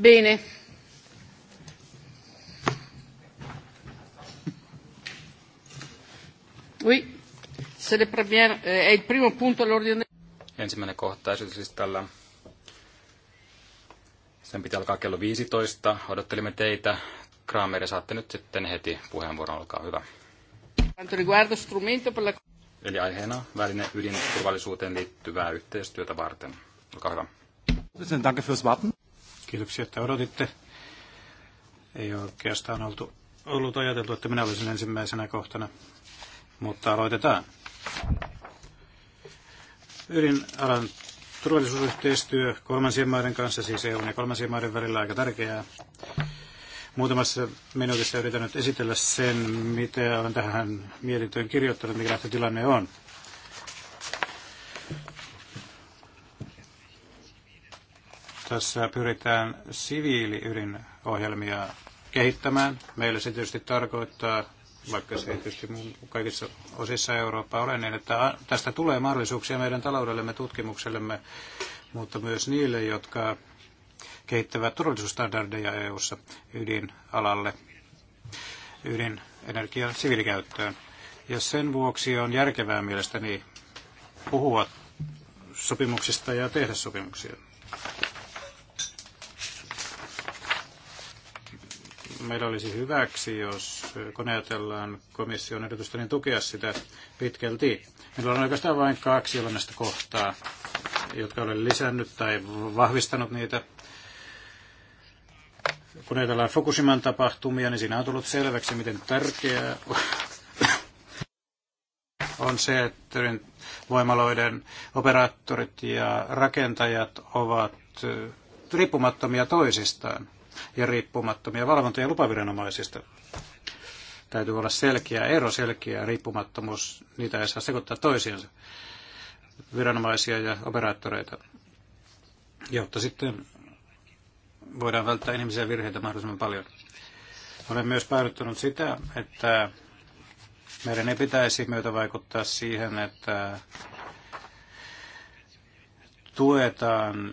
Bene. Oui. Se le premier, eh, è il primo punto all'ordine. del Ensimmäinen kohta esityslistalla. Sen pitää alkaa kello 15. Odottelimme teitä. Kramer, saatte nyt sitten heti puheenvuoron. Olkaa hyvä. Eli aiheena väline ydinturvallisuuteen liittyvää yhteistyötä varten. Olkaa hyvä. Danke fürs Warten. Kiitoksia, että odotitte. Ei oikeastaan oltu, ollut ajateltu, että minä olisin ensimmäisenä kohtana, mutta aloitetaan. Ydinalan turvallisuusyhteistyö kolmansien maiden kanssa, siis EU ja kolmansien maiden välillä aika tärkeää. Muutamassa minuutissa yritän nyt esitellä sen, mitä olen tähän mietintöön kirjoittanut, mikä tilanne on. Tässä pyritään siviiliydinohjelmia kehittämään. Meillä se tietysti tarkoittaa, vaikka se ei tietysti kaikissa osissa Eurooppaa ole, niin että tästä tulee mahdollisuuksia meidän taloudellemme, tutkimuksellemme, mutta myös niille, jotka kehittävät turvallisuusstandardeja EU-ssa ydinalalle, ydinenergian siviilikäyttöön. Ja sen vuoksi on järkevää mielestäni puhua sopimuksista ja tehdä sopimuksia. meillä olisi hyväksi, jos eh, kun ajatellaan komission ehdotusta, niin tukea sitä pitkälti. Meillä on oikeastaan vain kaksi olennaista kohtaa, jotka olen lisännyt tai vahvistanut niitä. Kun ajatellaan Fukushiman tapahtumia, niin siinä on tullut selväksi, miten tärkeää on se, että voimaloiden operaattorit ja rakentajat ovat eh, riippumattomia toisistaan ja riippumattomia valvonta- ja lupaviranomaisista. Täytyy olla selkeä ero, selkeä riippumattomuus. Niitä ei saa sekoittaa toisiinsa, viranomaisia ja operaattoreita, jotta sitten voidaan välttää ihmisiä virheitä mahdollisimman paljon. Olen myös päädyttänyt sitä, että meidän ei pitäisi myötä vaikuttaa siihen, että tuetaan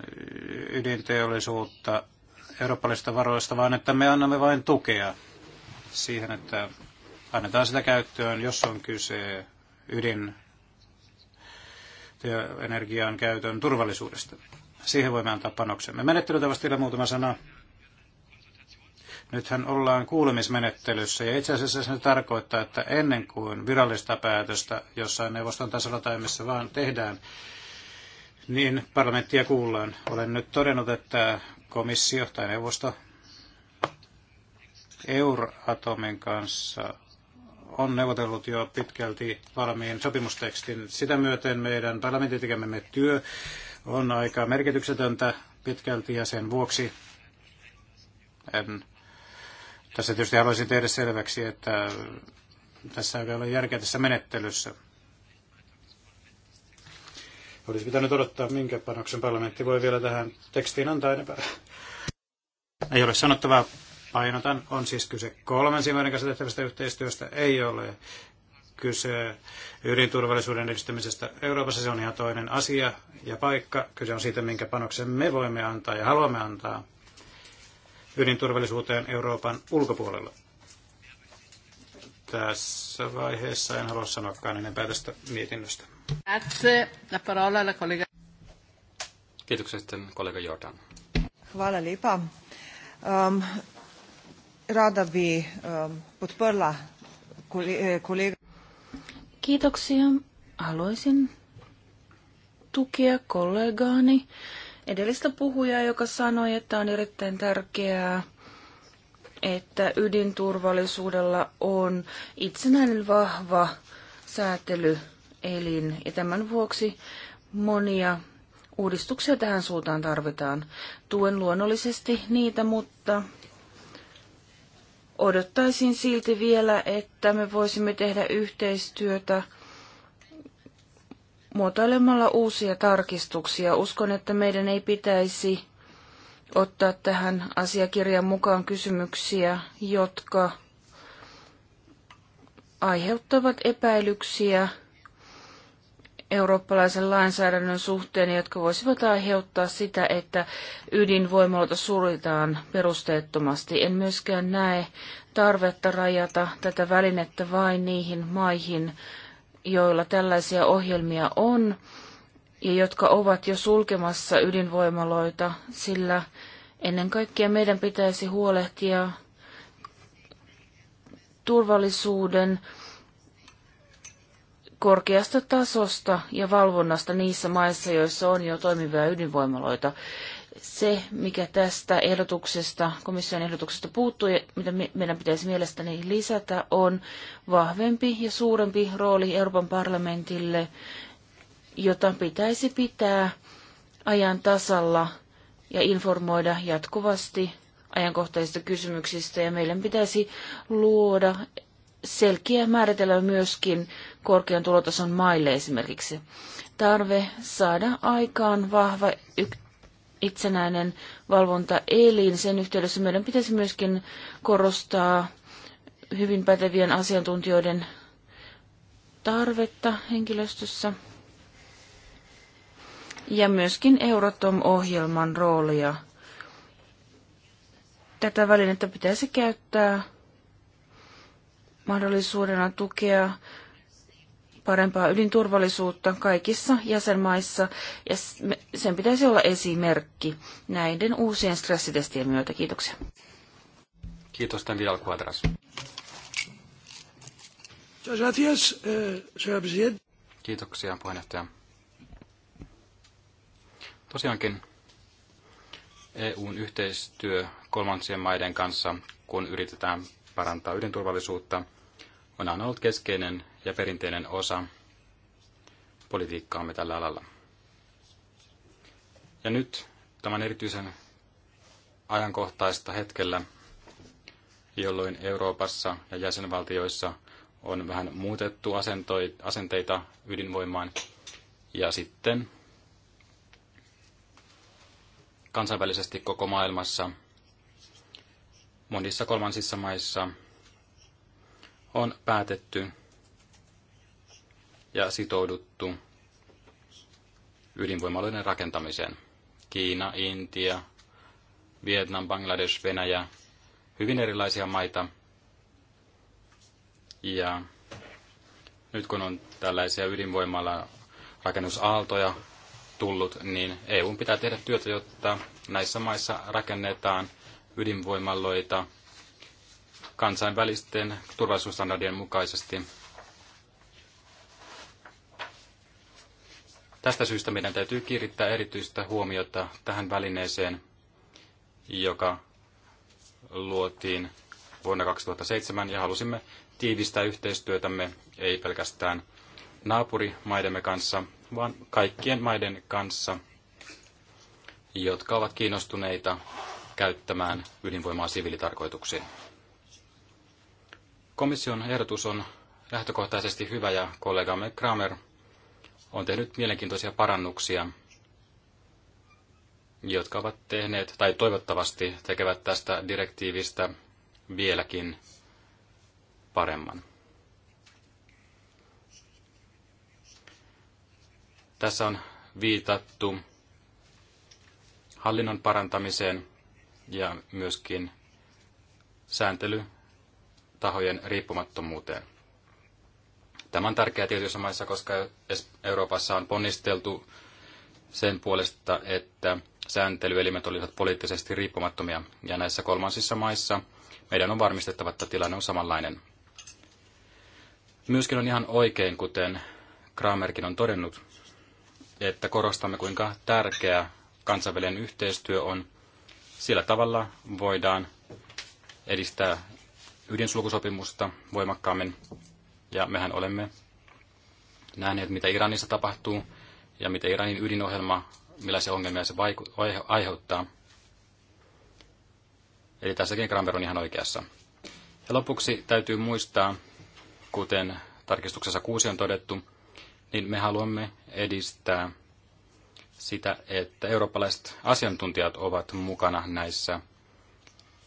ydinteollisuutta eurooppalaisista varoista, vaan että me annamme vain tukea siihen, että annetaan sitä käyttöön, jos on kyse ydin ja energian käytön turvallisuudesta. Siihen voimme antaa panoksemme. Menettelytavasta vielä muutama sana. Nythän ollaan kuulemismenettelyssä ja itse asiassa se tarkoittaa, että ennen kuin virallista päätöstä jossain neuvoston tasolla tai missä vaan tehdään, niin parlamenttia kuullaan. Olen nyt todennut, että komissio tai neuvosto Euratomin kanssa on neuvotellut jo pitkälti valmiin sopimustekstin. Sitä myöten meidän parlamentin tekemämme työ on aika merkityksetöntä pitkälti ja sen vuoksi en tässä tietysti haluaisin tehdä selväksi, että tässä ei ole järkeä tässä menettelyssä. Olisi pitänyt odottaa, minkä panoksen parlamentti voi vielä tähän tekstiin antaa enempää. Ei ole sanottavaa, painotan, on siis kyse kolmen silmäiden kanssa tehtävästä yhteistyöstä, ei ole kyse ydinturvallisuuden edistämisestä Euroopassa, se on ihan toinen asia ja paikka. Kyse on siitä, minkä panoksen me voimme antaa ja haluamme antaa ydinturvallisuuteen Euroopan ulkopuolella. Tässä vaiheessa en halua sanoakaan enempää tästä mietinnöstä. Grazie. La parola alla collega. Kiitoksia sitten kollega Jordan. Hvala lepa. Um, rada bi um, podprla kollega. Eh, Kiitoksia. Haluaisin tukea kollegaani edellistä puhujaa, joka sanoi, että on erittäin tärkeää, että ydinturvallisuudella on itsenäinen vahva säätely elin. Ja tämän vuoksi monia uudistuksia tähän suuntaan tarvitaan. Tuen luonnollisesti niitä, mutta odottaisin silti vielä, että me voisimme tehdä yhteistyötä muotoilemalla uusia tarkistuksia. Uskon, että meidän ei pitäisi ottaa tähän asiakirjan mukaan kysymyksiä, jotka aiheuttavat epäilyksiä eurooppalaisen lainsäädännön suhteen, jotka voisivat aiheuttaa sitä, että ydinvoimalta suljetaan perusteettomasti. En myöskään näe tarvetta rajata tätä välinettä vain niihin maihin, joilla tällaisia ohjelmia on ja jotka ovat jo sulkemassa ydinvoimaloita, sillä ennen kaikkea meidän pitäisi huolehtia turvallisuuden, korkeasta tasosta ja valvonnasta niissä maissa, joissa on jo toimivia ydinvoimaloita. Se, mikä tästä ehdotuksesta, komission ehdotuksesta puuttuu ja mitä meidän pitäisi mielestäni lisätä, on vahvempi ja suurempi rooli Euroopan parlamentille, jota pitäisi pitää ajan tasalla ja informoida jatkuvasti ajankohtaisista kysymyksistä ja meidän pitäisi luoda selkeä määritellä myöskin korkean tulotason maille esimerkiksi. Tarve saada aikaan vahva itsenäinen valvontaelin. Sen yhteydessä meidän pitäisi myöskin korostaa hyvin pätevien asiantuntijoiden tarvetta henkilöstössä ja myöskin Euratom-ohjelman roolia. Tätä välinettä pitäisi käyttää mahdollisuudena tukea parempaa ydinturvallisuutta kaikissa jäsenmaissa, ja sen pitäisi olla esimerkki näiden uusien stressitestien myötä. Kiitoksia. Kiitos, tämän Vidal Quadras. Kiitoksia, puheenjohtaja. Tosiaankin EUn yhteistyö kolmansien maiden kanssa, kun yritetään parantaa ydinturvallisuutta, on aina ollut keskeinen ja perinteinen osa politiikkaamme tällä alalla. Ja nyt tämän erityisen ajankohtaista hetkellä, jolloin Euroopassa ja jäsenvaltioissa on vähän muutettu asenteita ydinvoimaan ja sitten kansainvälisesti koko maailmassa monissa kolmansissa maissa – on päätetty ja sitouduttu ydinvoimaloiden rakentamiseen. Kiina, Intia, Vietnam, Bangladesh, Venäjä, hyvin erilaisia maita. Ja nyt kun on tällaisia ydinvoimalla rakennusaaltoja tullut, niin EU pitää tehdä työtä, jotta näissä maissa rakennetaan ydinvoimaloita kansainvälisten turvallisuusstandardien mukaisesti. Tästä syystä meidän täytyy kiinnittää erityistä huomiota tähän välineeseen, joka luotiin vuonna 2007 ja halusimme tiivistää yhteistyötämme ei pelkästään naapurimaidemme kanssa, vaan kaikkien maiden kanssa, jotka ovat kiinnostuneita käyttämään ydinvoimaa siviilitarkoituksiin. Komission ehdotus on lähtökohtaisesti hyvä ja kollegamme Kramer on tehnyt mielenkiintoisia parannuksia, jotka ovat tehneet tai toivottavasti tekevät tästä direktiivistä vieläkin paremman. Tässä on viitattu hallinnon parantamiseen ja myöskin sääntely tahojen riippumattomuuteen. Tämä on tärkeää tietyissä maissa, koska Euroopassa on ponnisteltu sen puolesta, että sääntelyelimet olisivat poliittisesti riippumattomia, ja näissä kolmansissa maissa meidän on varmistettava, että tilanne on samanlainen. Myöskin on ihan oikein, kuten Kramerkin on todennut, että korostamme, kuinka tärkeä kansainvälinen yhteistyö on. Sillä tavalla voidaan edistää ydinsulkusopimusta voimakkaammin. Ja mehän olemme nähneet, mitä Iranissa tapahtuu ja mitä Iranin ydinohjelma, millaisia ongelmia se vaiku- aiheuttaa. Eli tässäkin Gramber on ihan oikeassa. Ja lopuksi täytyy muistaa, kuten tarkistuksessa 6 on todettu, niin me haluamme edistää sitä, että eurooppalaiset asiantuntijat ovat mukana näissä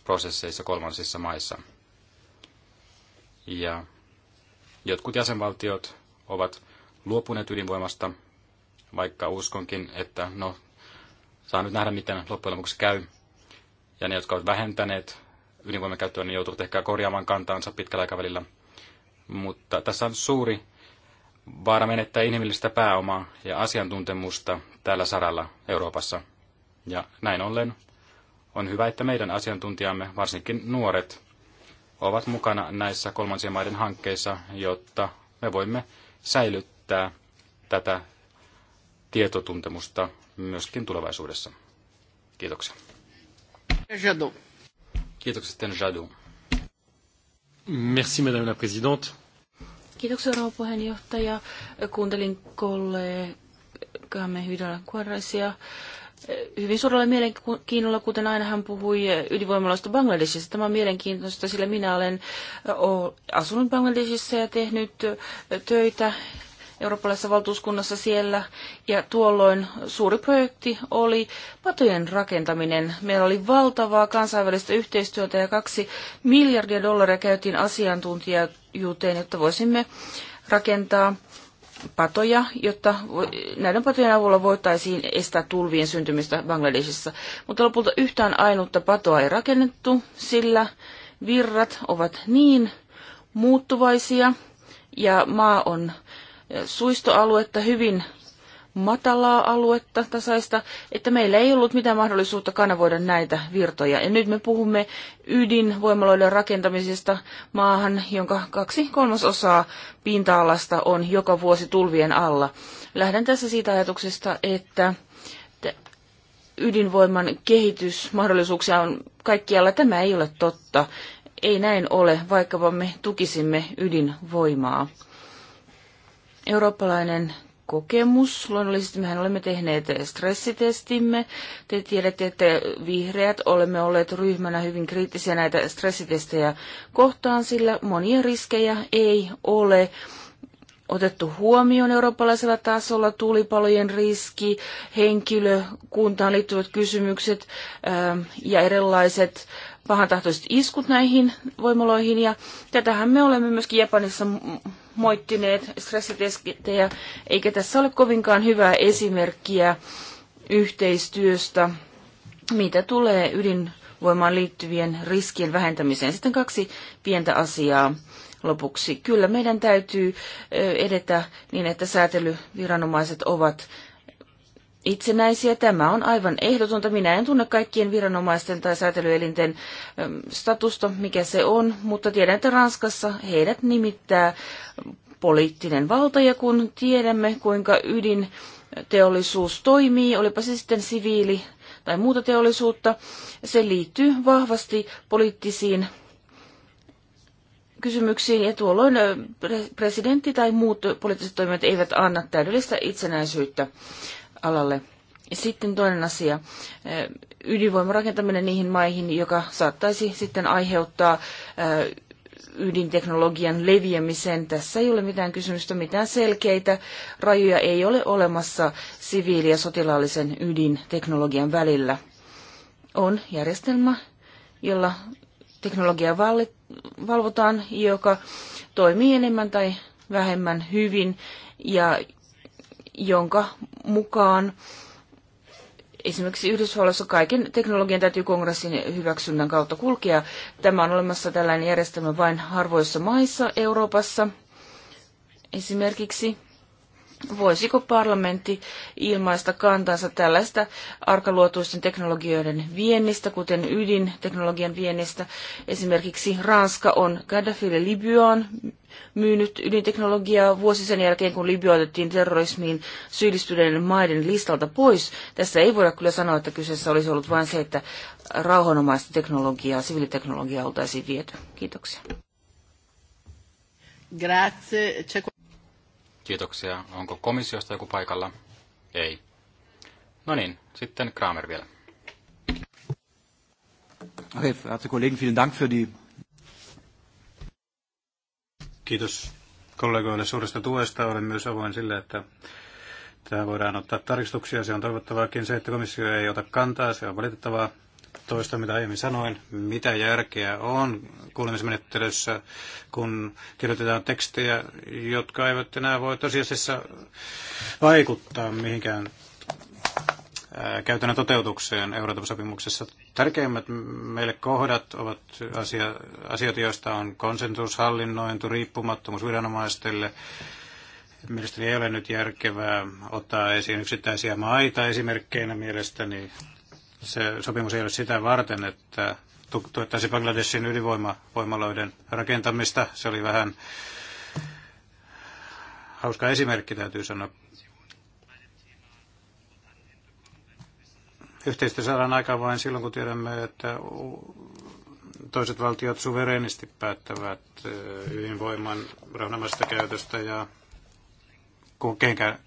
prosesseissa kolmansissa maissa. Ja jotkut jäsenvaltiot ovat luopuneet ydinvoimasta, vaikka uskonkin, että no, saa nyt nähdä, miten loppujen lopuksi käy. Ja ne, jotka ovat vähentäneet ydinvoiman käyttöä, niin joutuvat ehkä korjaamaan kantaansa pitkällä aikavälillä. Mutta tässä on suuri vaara menettää inhimillistä pääomaa ja asiantuntemusta tällä saralla Euroopassa. Ja näin ollen on hyvä, että meidän asiantuntijamme, varsinkin nuoret, ovat mukana näissä kolmansien maiden hankkeissa, jotta me voimme säilyttää tätä tietotuntemusta myöskin tulevaisuudessa. Kiitoksia. Jadot. Kiitoksia, Sten Jadot. Merci, Madame la Présidente. Kiitoksia, rouva puheenjohtaja. Kuuntelin kollegaamme Hydra Kuoraisia hyvin suurella mielenkiinnolla, kuten aina hän puhui ydinvoimalaista Bangladesissa. Tämä on mielenkiintoista, sillä minä olen asunut Bangladesissa ja tehnyt töitä eurooppalaisessa valtuuskunnassa siellä. Ja tuolloin suuri projekti oli patojen rakentaminen. Meillä oli valtavaa kansainvälistä yhteistyötä ja kaksi miljardia dollaria käytiin asiantuntijuuteen, jotta voisimme rakentaa patoja, jotta näiden patojen avulla voitaisiin estää tulvien syntymistä Bangladesissa. Mutta lopulta yhtään ainutta patoa ei rakennettu, sillä virrat ovat niin muuttuvaisia ja maa on suistoaluetta hyvin matalaa aluetta, tasaista, että meillä ei ollut mitään mahdollisuutta kanavoida näitä virtoja. Ja nyt me puhumme ydinvoimaloiden rakentamisesta maahan, jonka kaksi kolmasosaa pinta-alasta on joka vuosi tulvien alla. Lähden tässä siitä ajatuksesta, että ydinvoiman kehitysmahdollisuuksia on kaikkialla. Tämä ei ole totta. Ei näin ole, vaikka me tukisimme ydinvoimaa. Eurooppalainen kokemus. Luonnollisesti mehän olemme tehneet stressitestimme. Te tiedätte, että vihreät olemme olleet ryhmänä hyvin kriittisiä näitä stressitestejä kohtaan, sillä monia riskejä ei ole otettu huomioon eurooppalaisella tasolla, tulipalojen riski, henkilökuntaan liittyvät kysymykset ähm, ja erilaiset pahantahtoiset iskut näihin voimaloihin. Ja tätähän me olemme myöskin Japanissa moittineet stressitestejä, eikä tässä ole kovinkaan hyvää esimerkkiä yhteistyöstä, mitä tulee ydinvoimaan liittyvien riskien vähentämiseen. Sitten kaksi pientä asiaa lopuksi. Kyllä meidän täytyy edetä niin, että säätelyviranomaiset ovat itsenäisiä. Tämä on aivan ehdotonta. Minä en tunne kaikkien viranomaisten tai säätelyelinten statusta, mikä se on, mutta tiedän, että Ranskassa heidät nimittää poliittinen valta, ja kun tiedämme, kuinka ydinteollisuus toimii, olipa se sitten siviili tai muuta teollisuutta, se liittyy vahvasti poliittisiin kysymyksiin ja tuolloin äh, presidentti tai muut poliittiset toimijat eivät anna täydellistä itsenäisyyttä alalle. Sitten toinen asia, rakentaminen niihin maihin, joka saattaisi sitten aiheuttaa ydinteknologian leviämisen. Tässä ei ole mitään kysymystä, mitään selkeitä rajoja ei ole olemassa siviili- ja sotilaallisen ydinteknologian välillä. On järjestelmä, jolla teknologiaa valvotaan, joka toimii enemmän tai vähemmän hyvin ja jonka mukaan esimerkiksi Yhdysvalloissa kaiken teknologian täytyy kongressin hyväksynnän kautta kulkea. Tämä on olemassa tällainen järjestelmä vain harvoissa maissa Euroopassa esimerkiksi. Voisiko parlamentti ilmaista kantansa tällaista arkaluotuisten teknologioiden viennistä, kuten ydinteknologian viennistä? Esimerkiksi Ranska on Gaddafille Libyaan myynyt ydinteknologiaa vuosi sen jälkeen, kun Libya otettiin terrorismiin syyllistyneiden maiden listalta pois. Tässä ei voida kyllä sanoa, että kyseessä olisi ollut vain se, että rauhanomaista teknologiaa, siviiliteknologiaa oltaisiin viety. Kiitoksia. Grazie. Kiitoksia. Onko komissiosta joku paikalla? Ei. No niin, sitten Kramer vielä. Okay, Kollegen, vielen Dank für die... Kiitos kollegoille suuresta tuesta. Olen myös avoin sille, että tämä voidaan ottaa tarkistuksia. Se on toivottavaakin se, että komissio ei ota kantaa. Se on valitettavaa toista, mitä aiemmin sanoin, mitä järkeä on kuulemismenettelyssä, kun kirjoitetaan tekstejä, jotka eivät enää voi tosiasiassa vaikuttaa mihinkään käytännön toteutukseen Euroopan sopimuksessa. Tärkeimmät meille kohdat ovat asia, asioita, joista on konsensus hallinnointu, riippumattomuus viranomaistelle. Mielestäni ei ole nyt järkevää ottaa esiin yksittäisiä maita esimerkkeinä mielestäni. Se sopimus ei ole sitä varten, että tuettaisiin Bangladesin ydinvoimaloiden rakentamista. Se oli vähän hauska esimerkki, täytyy sanoa. Yhteistyö saadaan aikaan vain silloin, kun tiedämme, että toiset valtiot suverenisti päättävät ydinvoiman rauhanomaisesta käytöstä ja kun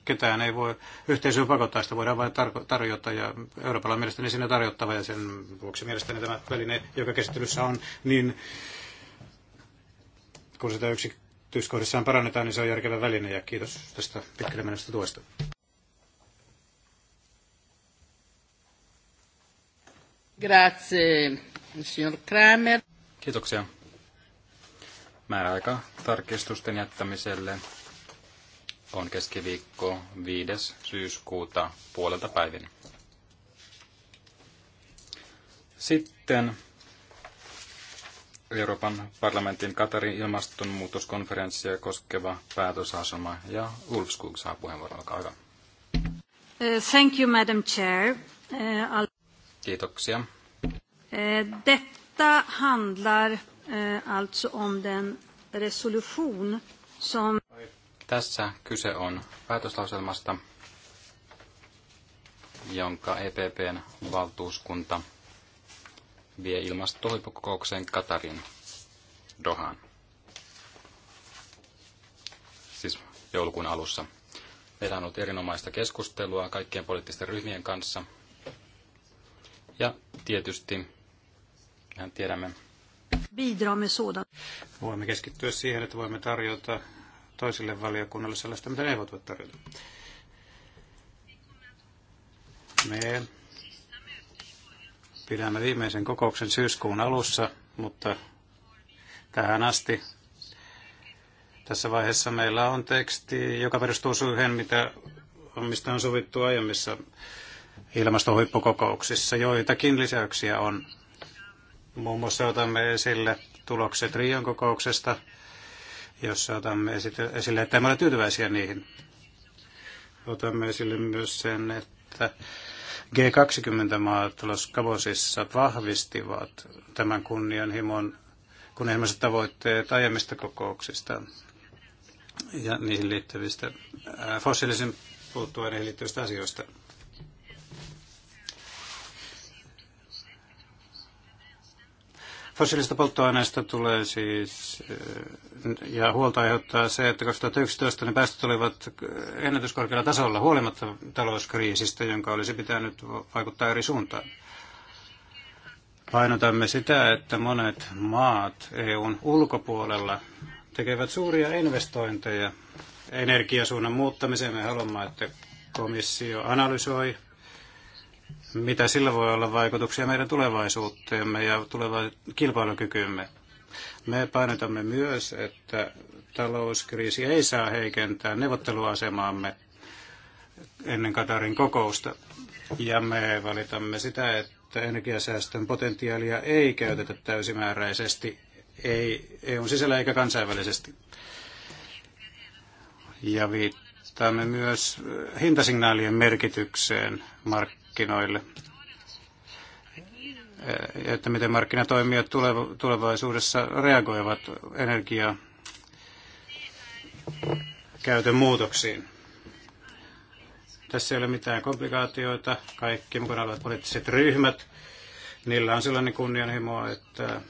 ketään ei voi yhteisöön pakottaa, sitä voidaan vain tarjota, ja Euroopalla on mielestäni siinä tarjottava, ja sen vuoksi mielestäni tämä väline, joka käsittelyssä on, niin kun sitä yksityiskohdissaan parannetaan, niin se on järkevä väline, ja kiitos tästä pitkälle menestä tuosta. Grazie, signor Kramer. Kiitoksia. Määräaika tarkistusten jättämiselle on keskiviikko 5. syyskuuta puolelta päivin. Sitten Euroopan parlamentin Katarin ilmastonmuutoskonferenssia koskeva päätösasema ja Ulf Skog saa puheenvuoron. Olkaa hyvä. Uh, thank you, Madam Chair. Uh, Kiitoksia. Uh, detta handlar alltså om den resolution som... Tässä kyse on päätöslauselmasta, jonka EPPn valtuuskunta vie ilmastohuippukokoukseen Katarin Dohaan. Siis joulukuun alussa. Meillä on ollut erinomaista keskustelua kaikkien poliittisten ryhmien kanssa. Ja tietysti, mehän tiedämme, Voimme keskittyä siihen, että voimme tarjota toisille valiokunnalle sellaista, mitä ne voi tarjota. Me pidämme viimeisen kokouksen syyskuun alussa, mutta tähän asti tässä vaiheessa meillä on teksti, joka perustuu siihen, mitä, mistä on sovittu aiemmissa ilmastohuippukokouksissa. Joitakin lisäyksiä on. Muun muassa otamme esille tulokset Rion kokouksesta – jossa otamme esille, että emme ole tyytyväisiä niihin. Otamme esille myös sen, että G20-maat Los vahvistivat tämän kunnianhimon kunnianhimoiset tavoitteet aiemmista kokouksista ja niihin liittyvistä äh, fossiilisen puuttua niihin liittyvistä asioista. Fossiilista polttoaineista tulee siis, eh, ja huolta aiheuttaa se, että 2011 ne päästöt olivat ennätyskorkealla tasolla huolimatta talouskriisistä, jonka olisi pitänyt vaikuttaa eri suuntaan. Painotamme sitä, että monet maat EUn ulkopuolella tekevät suuria investointeja energiasuunnan muuttamiseen. Me haluamme, että komissio analysoi mitä sillä voi olla vaikutuksia meidän tulevaisuuteemme ja tuleva kilpailukykyymme. Me painotamme myös, että talouskriisi ei saa heikentää neuvotteluasemaamme ennen Katarin kokousta. Ja me valitamme sitä, että energiasäästön potentiaalia ei käytetä täysimääräisesti, ei EUn sisällä eikä kansainvälisesti. Ja viittaamme myös hintasignaalien merkitykseen markkinoille markkinoille, että miten markkinatoimijat tulevaisuudessa reagoivat energiaa käytön muutoksiin. Tässä ei ole mitään komplikaatioita. Kaikki mukana olevat poliittiset ryhmät, niillä on sellainen kunnianhimo, että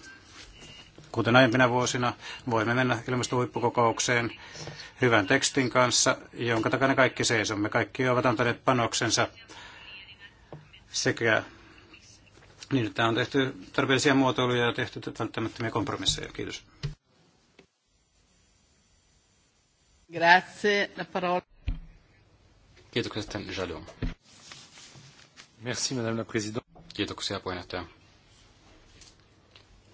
kuten aiempina vuosina, voimme mennä ilmastohuippukokoukseen hyvän tekstin kanssa, jonka takana kaikki seisomme. Kaikki ovat antaneet panoksensa sekä niin, että on tehty tarpeellisia muotoiluja ja tehty välttämättömiä kompromisseja. Kiitos. Grazie. La parola. Kiitoksia sitten Jadon. Merci, madame la présidente. Kiitoksia puheenjohtaja.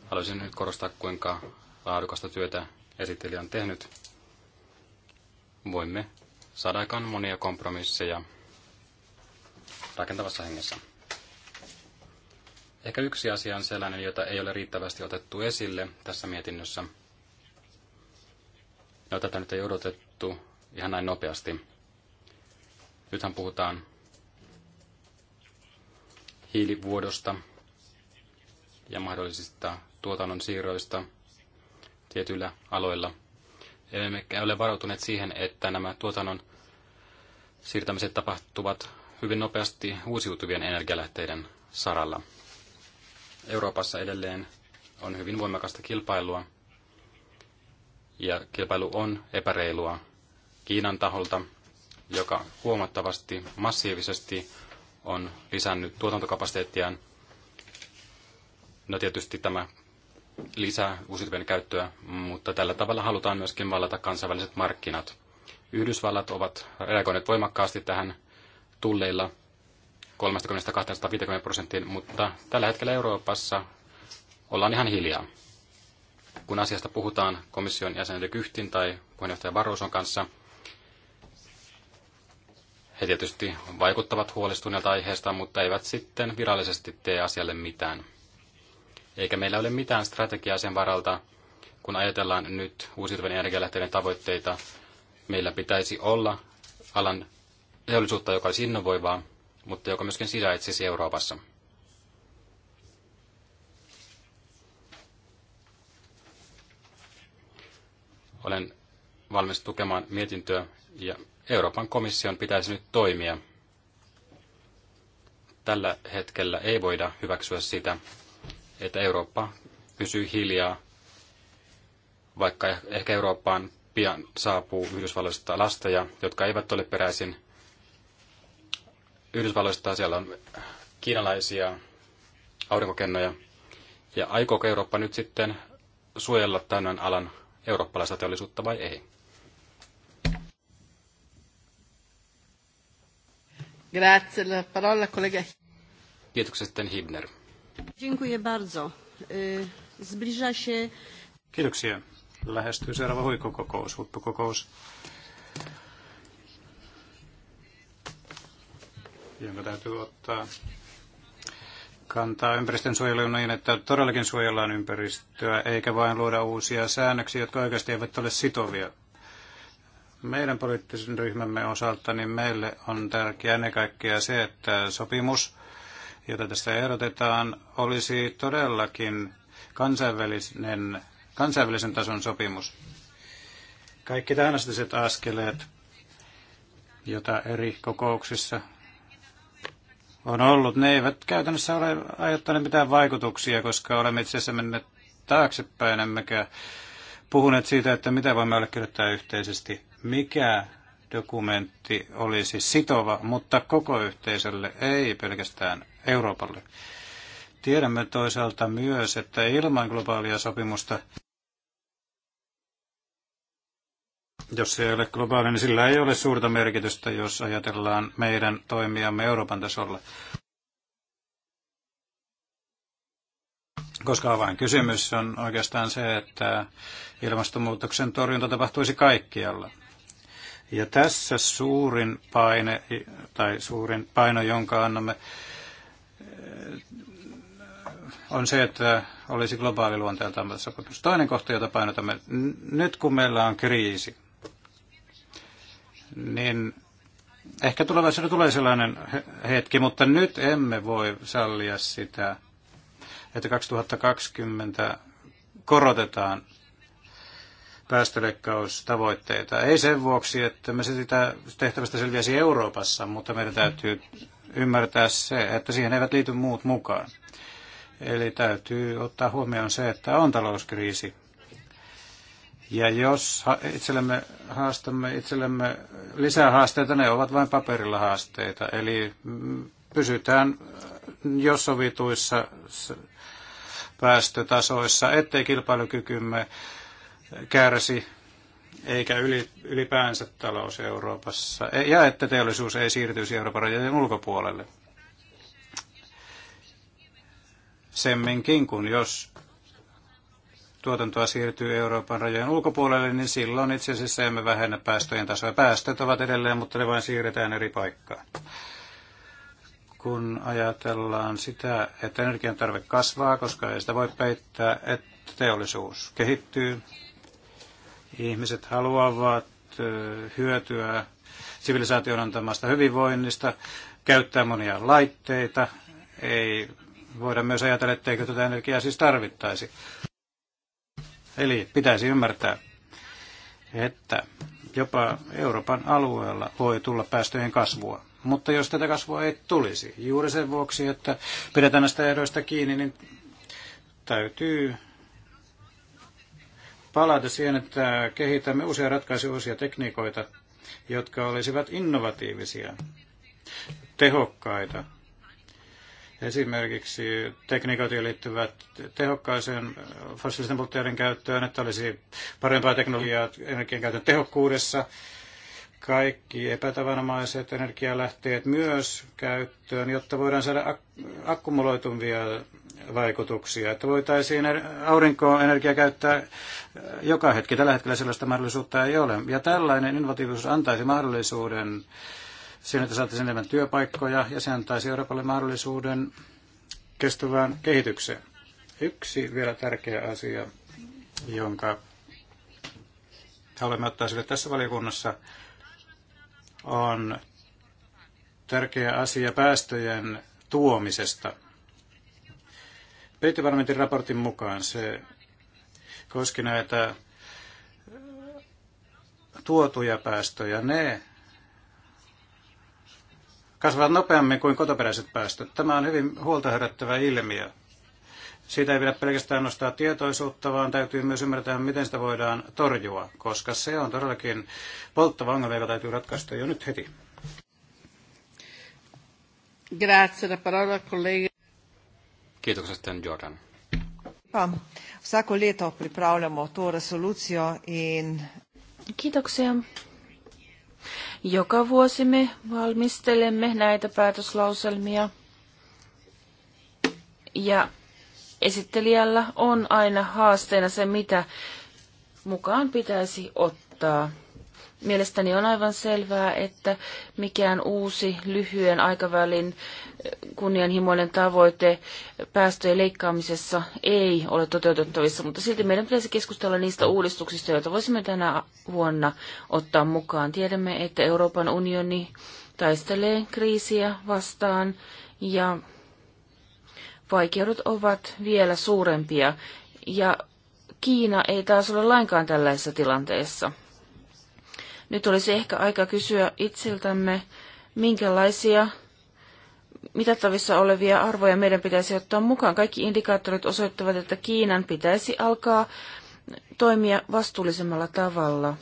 Haluaisin nyt korostaa, kuinka laadukasta työtä esittelijä on tehnyt. Voimme saada aikaan monia kompromisseja rakentavassa hengessä. Ehkä yksi asia on sellainen, jota ei ole riittävästi otettu esille tässä mietinnössä. No, tätä nyt ei odotettu ihan näin nopeasti. Nythän puhutaan hiilivuodosta ja mahdollisista tuotannon siirroista tietyillä aloilla. Emme ole varautuneet siihen, että nämä tuotannon siirtämiset tapahtuvat hyvin nopeasti uusiutuvien energialähteiden saralla. Euroopassa edelleen on hyvin voimakasta kilpailua ja kilpailu on epäreilua Kiinan taholta, joka huomattavasti massiivisesti on lisännyt tuotantokapasiteettiaan. No tietysti tämä lisää uusiutuvien käyttöä, mutta tällä tavalla halutaan myöskin vallata kansainväliset markkinat. Yhdysvallat ovat reagoineet voimakkaasti tähän tulleilla 30-250 prosenttiin, mutta tällä hetkellä Euroopassa ollaan ihan hiljaa. Kun asiasta puhutaan komission jäsenen de Kyhtin tai puheenjohtaja Barroson kanssa, he tietysti vaikuttavat huolestuneelta aiheesta, mutta eivät sitten virallisesti tee asialle mitään. Eikä meillä ole mitään strategiaa sen varalta, kun ajatellaan nyt uusiutuvien energialähteiden tavoitteita. Meillä pitäisi olla alan teollisuutta, joka olisi innovoivaa, mutta joka myöskin sijaitsisi Euroopassa. Olen valmis tukemaan mietintöä ja Euroopan komission pitäisi nyt toimia. Tällä hetkellä ei voida hyväksyä sitä, että Eurooppa pysyy hiljaa, vaikka ehkä Eurooppaan pian saapuu Yhdysvalloista lasteja, jotka eivät ole peräisin Yhdysvalloista, siellä on kiinalaisia aurinkokennoja. Ja aikooko Eurooppa nyt sitten suojella tämän alan eurooppalaista teollisuutta vai ei? Grazie, la parola collega. Kiitoksia sitten Hibner. Dziękuję bardzo. Zbliża się... Kiitoksia. Lähestyy seuraava huikkokokous, huippukokous. huippukokous jonka täytyy ottaa kantaa ympäristön suojeluun niin, että todellakin suojellaan ympäristöä, eikä vain luoda uusia säännöksiä, jotka oikeasti eivät ole sitovia. Meidän poliittisen ryhmämme osalta niin meille on tärkeää ennen kaikkea se, että sopimus, jota tästä ehdotetaan, olisi todellakin kansainvälisen kansainvälisen tason sopimus. Kaikki tähänastiset askeleet, jota eri kokouksissa on ollut, ne eivät käytännössä ole aiheuttaneet mitään vaikutuksia, koska olemme itse asiassa menneet taaksepäin, emmekä puhuneet siitä, että mitä voimme allekirjoittaa yhteisesti. Mikä dokumentti olisi sitova, mutta koko yhteisölle, ei pelkästään Euroopalle. Tiedämme toisaalta myös, että ilman globaalia sopimusta Jos se ei ole globaali, niin sillä ei ole suurta merkitystä, jos ajatellaan meidän toimijamme Euroopan tasolla. Koska avainkysymys on oikeastaan se, että ilmastonmuutoksen torjunta tapahtuisi kaikkialla. Ja tässä suurin paine, tai suurin paino, jonka annamme, eh, on se, että olisi globaali luonteeltaan sopimus. Toinen kohta, jota painotamme, nyt kun meillä on kriisi, niin ehkä tulevaisuudessa tulee sellainen hetki, mutta nyt emme voi sallia sitä, että 2020 korotetaan päästöleikkaustavoitteita. Ei sen vuoksi, että me sitä tehtävästä selviäisi Euroopassa, mutta meidän täytyy ymmärtää se, että siihen eivät liity muut mukaan. Eli täytyy ottaa huomioon se, että on talouskriisi ja jos itsellemme haastamme itsellemme lisää haasteita, ne ovat vain paperilla haasteita. Eli mm, pysytään äh, jo sovituissa päästötasoissa, ettei kilpailukykymme kärsi eikä ylipäänsä talous Euroopassa, e, ja että teollisuus ei siirtyisi Euroopan rajojen ulkopuolelle. Semminkin, kun jos tuotantoa siirtyy Euroopan rajojen ulkopuolelle, niin silloin itse asiassa emme vähennä päästöjen tasoa. Päästöt ovat edelleen, mutta ne vain siirretään eri paikkaan. Kun ajatellaan sitä, että energian tarve kasvaa, koska ei sitä voi peittää, että teollisuus kehittyy, ihmiset haluavat hyötyä sivilisaation antamasta hyvinvoinnista, käyttää monia laitteita, ei voida myös ajatella, etteikö tätä energiaa siis tarvittaisi. Eli pitäisi ymmärtää, että jopa Euroopan alueella voi tulla päästöjen kasvua. Mutta jos tätä kasvua ei tulisi, juuri sen vuoksi, että pidetään näistä ehdoista kiinni, niin täytyy palata siihen, että kehitämme uusia ratkaisuja, uusia tekniikoita, jotka olisivat innovatiivisia, tehokkaita esimerkiksi tekniikat, liittyvät tehokkaaseen fossiilisten polttoaineiden käyttöön, että olisi parempaa teknologiaa energian käytön tehokkuudessa, kaikki epätavanomaiset energialähteet myös käyttöön, jotta voidaan saada ak- akkumuloituvia vaikutuksia, että voitaisiin er-, aurinkoenergia käyttää äh, joka hetki. Tällä hetkellä sellaista mahdollisuutta ei ole. Ja tällainen innovatiivisuus antaisi mahdollisuuden Siinä, että saataisiin enemmän työpaikkoja ja se antaisi Euroopalle mahdollisuuden kestävään kehitykseen. Yksi vielä tärkeä asia, jonka haluamme ottaa sille tässä valiokunnassa, on tärkeä asia päästöjen tuomisesta. Brittiparlamentin raportin mukaan se koski näitä tuotuja päästöjä. Ne kasvavat nopeammin kuin kotoperäiset päästöt. Tämä on hyvin huolta herättävä ilmiö. Siitä ei pidä pelkästään nostaa tietoisuutta, vaan täytyy myös ymmärtää, miten sitä voidaan torjua, koska se on todellakin polttava ongelma, joka täytyy ratkaista jo nyt heti. Grazie, la parola collega. Kiitokset, Jordan. Vsako leto pripravljamo to resolucijo in... Kiitoksia. Joka vuosi me valmistelemme näitä päätöslauselmia ja esittelijällä on aina haasteena se, mitä mukaan pitäisi ottaa. Mielestäni on aivan selvää, että mikään uusi lyhyen aikavälin äh, kunnianhimoinen tavoite päästöjen leikkaamisessa ei ole toteutettavissa, mutta silti meidän pitäisi keskustella niistä uudistuksista, joita voisimme tänä vuonna ottaa mukaan. Tiedämme, että Euroopan unioni taistelee kriisiä vastaan ja vaikeudet ovat vielä suurempia ja Kiina ei taas ole lainkaan tällaisessa tilanteessa. Nyt olisi ehkä aika kysyä itseltämme, minkälaisia mitattavissa olevia arvoja meidän pitäisi ottaa mukaan. Kaikki indikaattorit osoittavat, että Kiinan pitäisi alkaa toimia vastuullisemmalla tavalla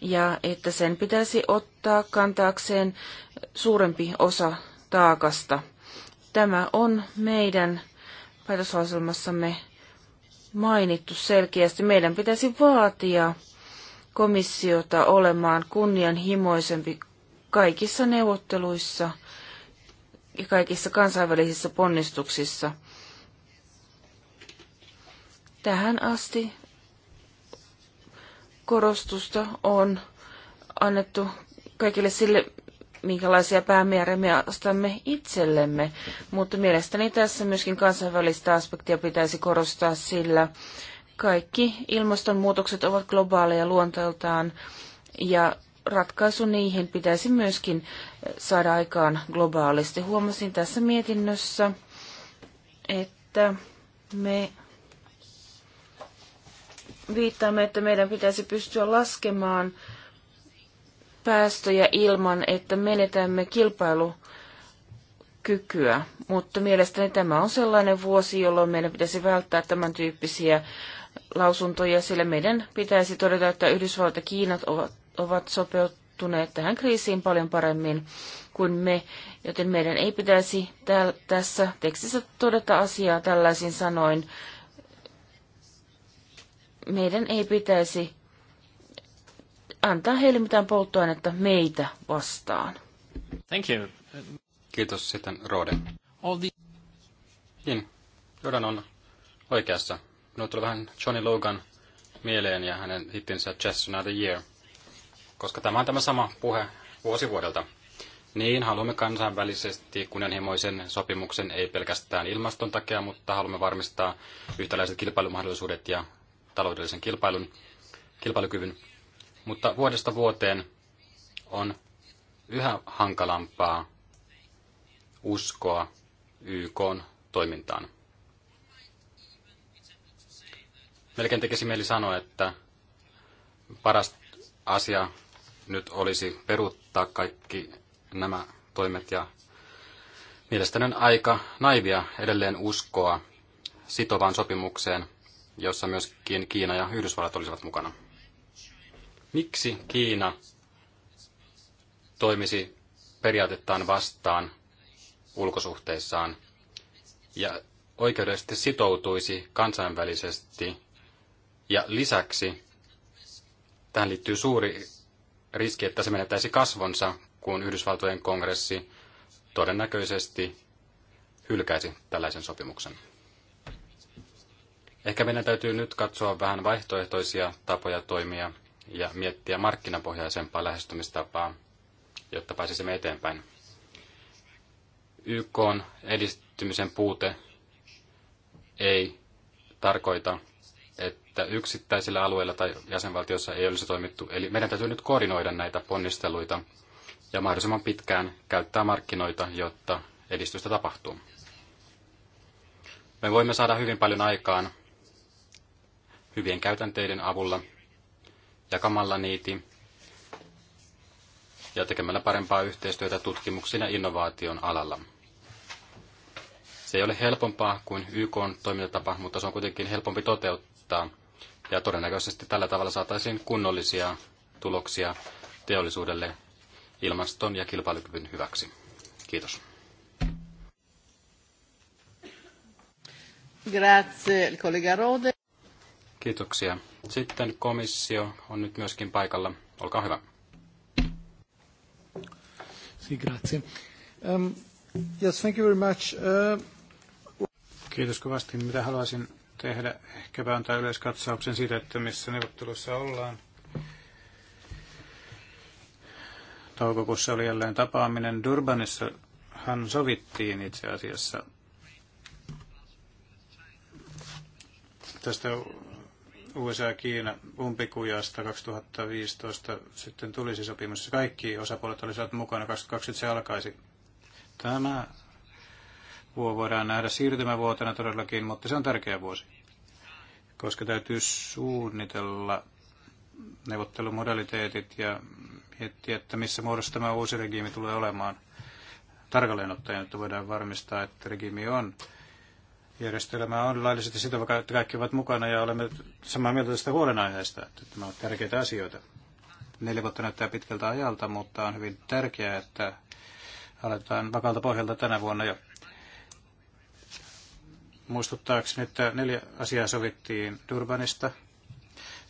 ja että sen pitäisi ottaa kantaakseen suurempi osa taakasta. Tämä on meidän päätöslauselmassamme mainittu selkeästi. Meidän pitäisi vaatia komissiota olemaan kunnianhimoisempi kaikissa neuvotteluissa – ja kaikissa kansainvälisissä ponnistuksissa. Tähän asti korostusta on annettu kaikille sille, minkälaisia päämääriä me astamme itsellemme, mutta mielestäni tässä myöskin kansainvälistä aspektia pitäisi korostaa, sillä kaikki ilmastonmuutokset ovat globaaleja luonteeltaan ja ratkaisu niihin pitäisi myöskin saada aikaan globaalisti. Huomasin tässä mietinnössä, että me viittaamme, että meidän pitäisi pystyä laskemaan päästöjä ilman, että menetämme kilpailukykyä. Mutta mielestäni tämä on sellainen vuosi, jolloin meidän pitäisi välttää tämän tyyppisiä lausuntoja, sillä meidän pitäisi todeta, että Yhdysvallat ja Kiinat ovat, ovat sopeutuneet tähän kriisiin paljon paremmin kuin me, joten meidän ei pitäisi täl- tässä tekstissä todeta asiaa tällaisin sanoin. Meidän ei pitäisi antaa heille mitään polttoainetta meitä vastaan. Thank you. Kiitos sitten Rode. All the... Niin, Jordan on oikeassa. Minulle tuli vähän Johnny Logan mieleen ja hänen hittinsä Chess Another Year koska tämä on tämä sama puhe vuosivuodelta. Niin, haluamme kansainvälisesti kunnianhimoisen sopimuksen, ei pelkästään ilmaston takia, mutta haluamme varmistaa yhtäläiset kilpailumahdollisuudet ja taloudellisen kilpailun, kilpailukyvyn. Mutta vuodesta vuoteen on yhä hankalampaa uskoa YK toimintaan. Melkein tekisi mieli sanoa, että paras asia nyt olisi peruuttaa kaikki nämä toimet ja mielestäni on aika naivia edelleen uskoa sitovaan sopimukseen, jossa myöskin Kiina ja Yhdysvallat olisivat mukana. Miksi Kiina toimisi periaatettaan vastaan ulkosuhteissaan ja oikeudellisesti sitoutuisi kansainvälisesti ja lisäksi tähän liittyy suuri riski, että se menettäisi kasvonsa, kun Yhdysvaltojen kongressi todennäköisesti hylkäisi tällaisen sopimuksen. Ehkä meidän täytyy nyt katsoa vähän vaihtoehtoisia tapoja toimia ja miettiä markkinapohjaisempaa lähestymistapaa, jotta pääsisimme eteenpäin. YK on edistymisen puute ei tarkoita, että yksittäisillä alueilla tai jäsenvaltiossa ei olisi toimittu. Eli meidän täytyy nyt koordinoida näitä ponnisteluita ja mahdollisimman pitkään käyttää markkinoita, jotta edistystä tapahtuu. Me voimme saada hyvin paljon aikaan hyvien käytänteiden avulla, jakamalla niitä ja tekemällä parempaa yhteistyötä tutkimuksen ja innovaation alalla. Se ei ole helpompaa kuin YK on toimintatapa, mutta se on kuitenkin helpompi toteuttaa ja todennäköisesti tällä tavalla saataisiin kunnollisia tuloksia teollisuudelle ilmaston ja kilpailukyvyn hyväksi. Kiitos. Grazie, kollega Rode. Kiitoksia. Sitten komissio on nyt myöskin paikalla. Olkaa hyvä. Si, grazie. Um, yes, thank you very much. Uh... Kiitos kovasti. Mitä haluaisin tehdä. Ehkäpä antaa yleiskatsauksen siitä, että missä neuvottelussa ollaan. Toukokuussa oli jälleen tapaaminen Durbanissa. Hän sovittiin itse asiassa tästä USA-Kiina umpikujasta 2015 sitten tulisi sopimus. Kaikki osapuolet olisivat mukana, 2020 se alkaisi. Tämä voidaan nähdä siirtymävuotena todellakin, mutta se on tärkeä vuosi, koska täytyy suunnitella neuvottelumodaliteetit ja miettiä, että missä muodossa tämä uusi regiimi tulee olemaan tarkalleen ottaen, että voidaan varmistaa, että regiimi on järjestelmä on laillisesti sitä, vaikka kaikki ovat mukana ja olemme samaa mieltä tästä huolenaiheesta, että tämä on tärkeitä asioita. Neljä vuotta näyttää pitkältä ajalta, mutta on hyvin tärkeää, että aletaan vakalta pohjalta tänä vuonna jo muistuttaakseni, että neljä asiaa sovittiin Durbanista.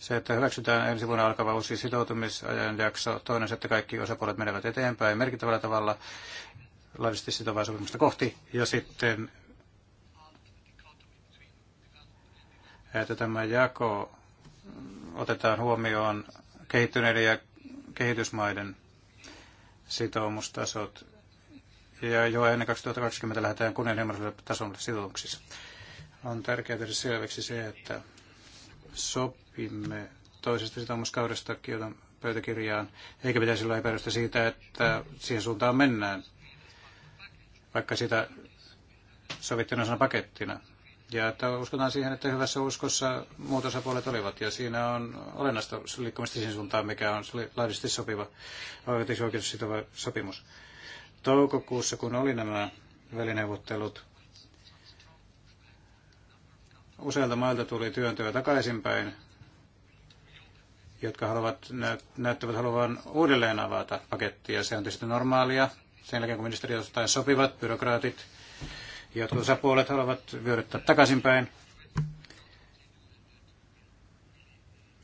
Se, että hyväksytään ensi vuonna alkava uusi sitoutumisajan jakso. Toinen se, että kaikki osapuolet menevät eteenpäin merkittävällä tavalla laillisesti sitovaa sopimusta kohti. Ja sitten, että tämä jako otetaan huomioon kehittyneiden ja kehitysmaiden sitoumustasot ja jo ennen 2020 lähdetään kunnianhimoiselle tasolle sitoumuksissa. On tärkeää tehdä selväksi se, että sopimme toisesta sitoumuskaudesta Kioton pöytäkirjaan, eikä pitäisi olla epäilystä siitä, että siihen suuntaan mennään, vaikka sitä sovittiin osana pakettina. Ja että uskotaan siihen, että hyvässä uskossa muut osapuolet olivat, ja siinä on olennaista liikkumista siihen suuntaan, mikä on laillisesti sopiva, oikeus sitova sopimus toukokuussa, kun oli nämä välineuvottelut, useilta mailta tuli työntöä takaisinpäin, jotka haluavat, näyttävät haluavan uudelleen avata pakettia. Se on tietysti normaalia. Sen jälkeen, kun ministeriö jotain sopivat, byrokraatit, jotkut osapuolet haluavat vyöryttää takaisinpäin.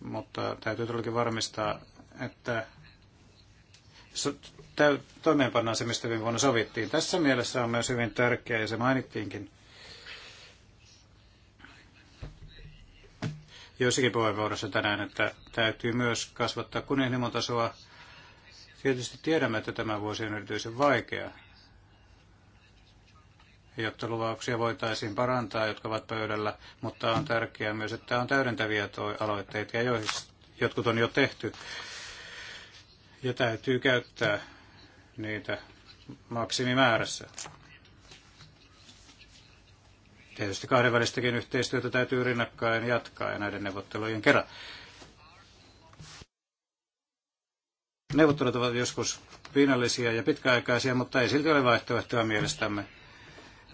Mutta täytyy todellakin varmistaa, että toimeenpannaan se, mistä viime vuonna sovittiin. Tässä mielessä on myös hyvin tärkeää, ja se mainittiinkin joissakin puheenvuorossa tänään, että täytyy myös kasvattaa kunnianhimon tasoa. Tietysti tiedämme, että tämä vuosi on erityisen vaikea, jotta luvauksia voitaisiin parantaa, jotka ovat pöydällä, mutta on tärkeää myös, että on täydentäviä aloitteita, ja jotkut on jo tehty, ja täytyy käyttää niitä maksimimäärässä. Tietysti kahdenvälistäkin yhteistyötä täytyy rinnakkain jatkaa ja näiden neuvottelujen kerran. Neuvottelut ovat joskus piinallisia ja pitkäaikaisia, mutta ei silti ole vaihtoehtoja mielestämme.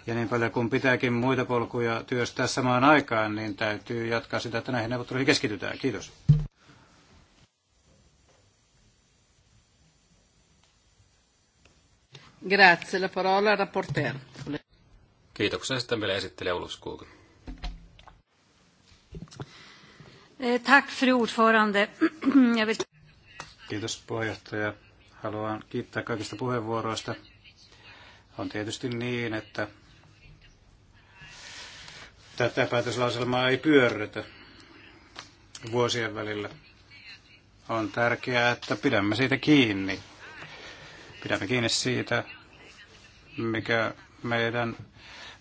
Ja niin paljon kuin pitääkin muita polkuja työstää samaan aikaan, niin täytyy jatkaa sitä, että näihin neuvotteluihin keskitytään. Kiitos. Grazie, la parola rapporteur. Kiitoksia sitten vielä esittelee Ulfskog. Eh, tack för ordförande. Kiitos puheenjohtaja. Haluan kiittää kaikista puheenvuoroista. On tietysti niin, että tätä päätöslauselmaa ei pyörrytä vuosien välillä. On tärkeää, että pidämme siitä kiinni Pidämme kiinni siitä, mikä meidän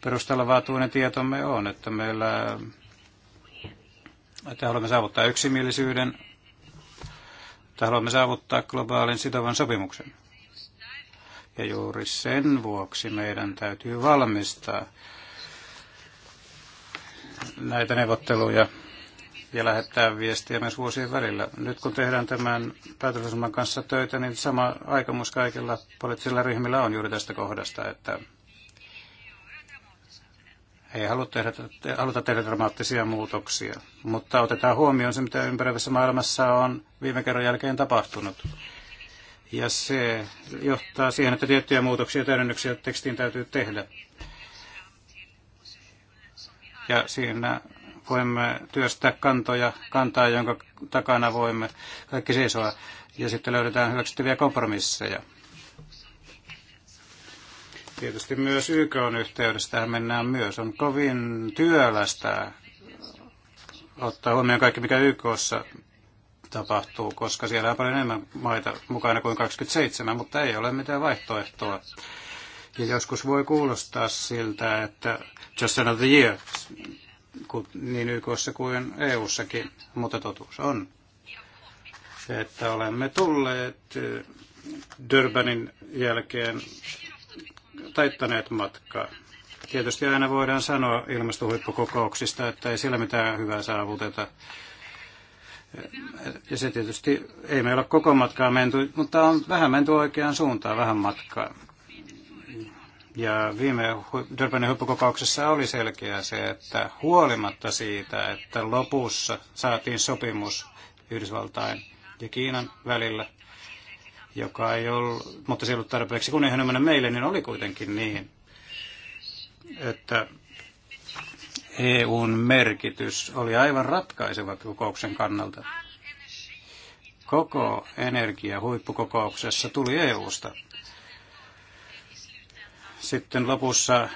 perusteella vaatuinen tietomme on, että meillä että haluamme saavuttaa yksimielisyyden, että haluamme saavuttaa globaalin sitovan sopimuksen. Ja juuri sen vuoksi meidän täytyy valmistaa näitä neuvotteluja ja lähettää viestiä myös vuosien välillä. Nyt kun tehdään tämän päätöslauselman kanssa töitä, niin sama aikomus kaikilla poliittisilla ryhmillä on juuri tästä kohdasta, että ei halua tehdä, haluta tehdä dramaattisia muutoksia, mutta otetaan huomioon se, mitä ympäröivässä maailmassa on viime kerran jälkeen tapahtunut. Ja se johtaa siihen, että tiettyjä muutoksia ja täydennyksiä tekstiin täytyy tehdä. Ja siinä voimme työstää kantoja, kantaa, jonka takana voimme kaikki seisoa, ja sitten löydetään hyväksyttäviä kompromisseja. Tietysti myös YK on yhteydessä, tähän mennään myös. On kovin työlästä ottaa huomioon kaikki, mikä YKssa tapahtuu, koska siellä on paljon enemmän maita mukana kuin 27, mutta ei ole mitään vaihtoehtoa. Ja joskus voi kuulostaa siltä, että just another year, niin YKssa kuin EUssakin, mutta totuus on, että olemme tulleet Durbanin jälkeen taittaneet matkaa. Tietysti aina voidaan sanoa ilmastohuippukokouksista, että ei siellä mitään hyvää saavuteta. Ja se tietysti, ei meillä ole koko matkaa menty, mutta on vähän menty oikeaan suuntaan, vähän matkaa. Ja viime Durbanin huippukokouksessa oli selkeää se, että huolimatta siitä, että lopussa saatiin sopimus Yhdysvaltain ja Kiinan välillä, joka ei ollut, mutta se ei ollut tarpeeksi kunnianhimoinen meille, niin oli kuitenkin niin, että EUn merkitys oli aivan ratkaiseva kokouksen kannalta. Koko energia huippukokouksessa tuli EUsta. Sitten lopussa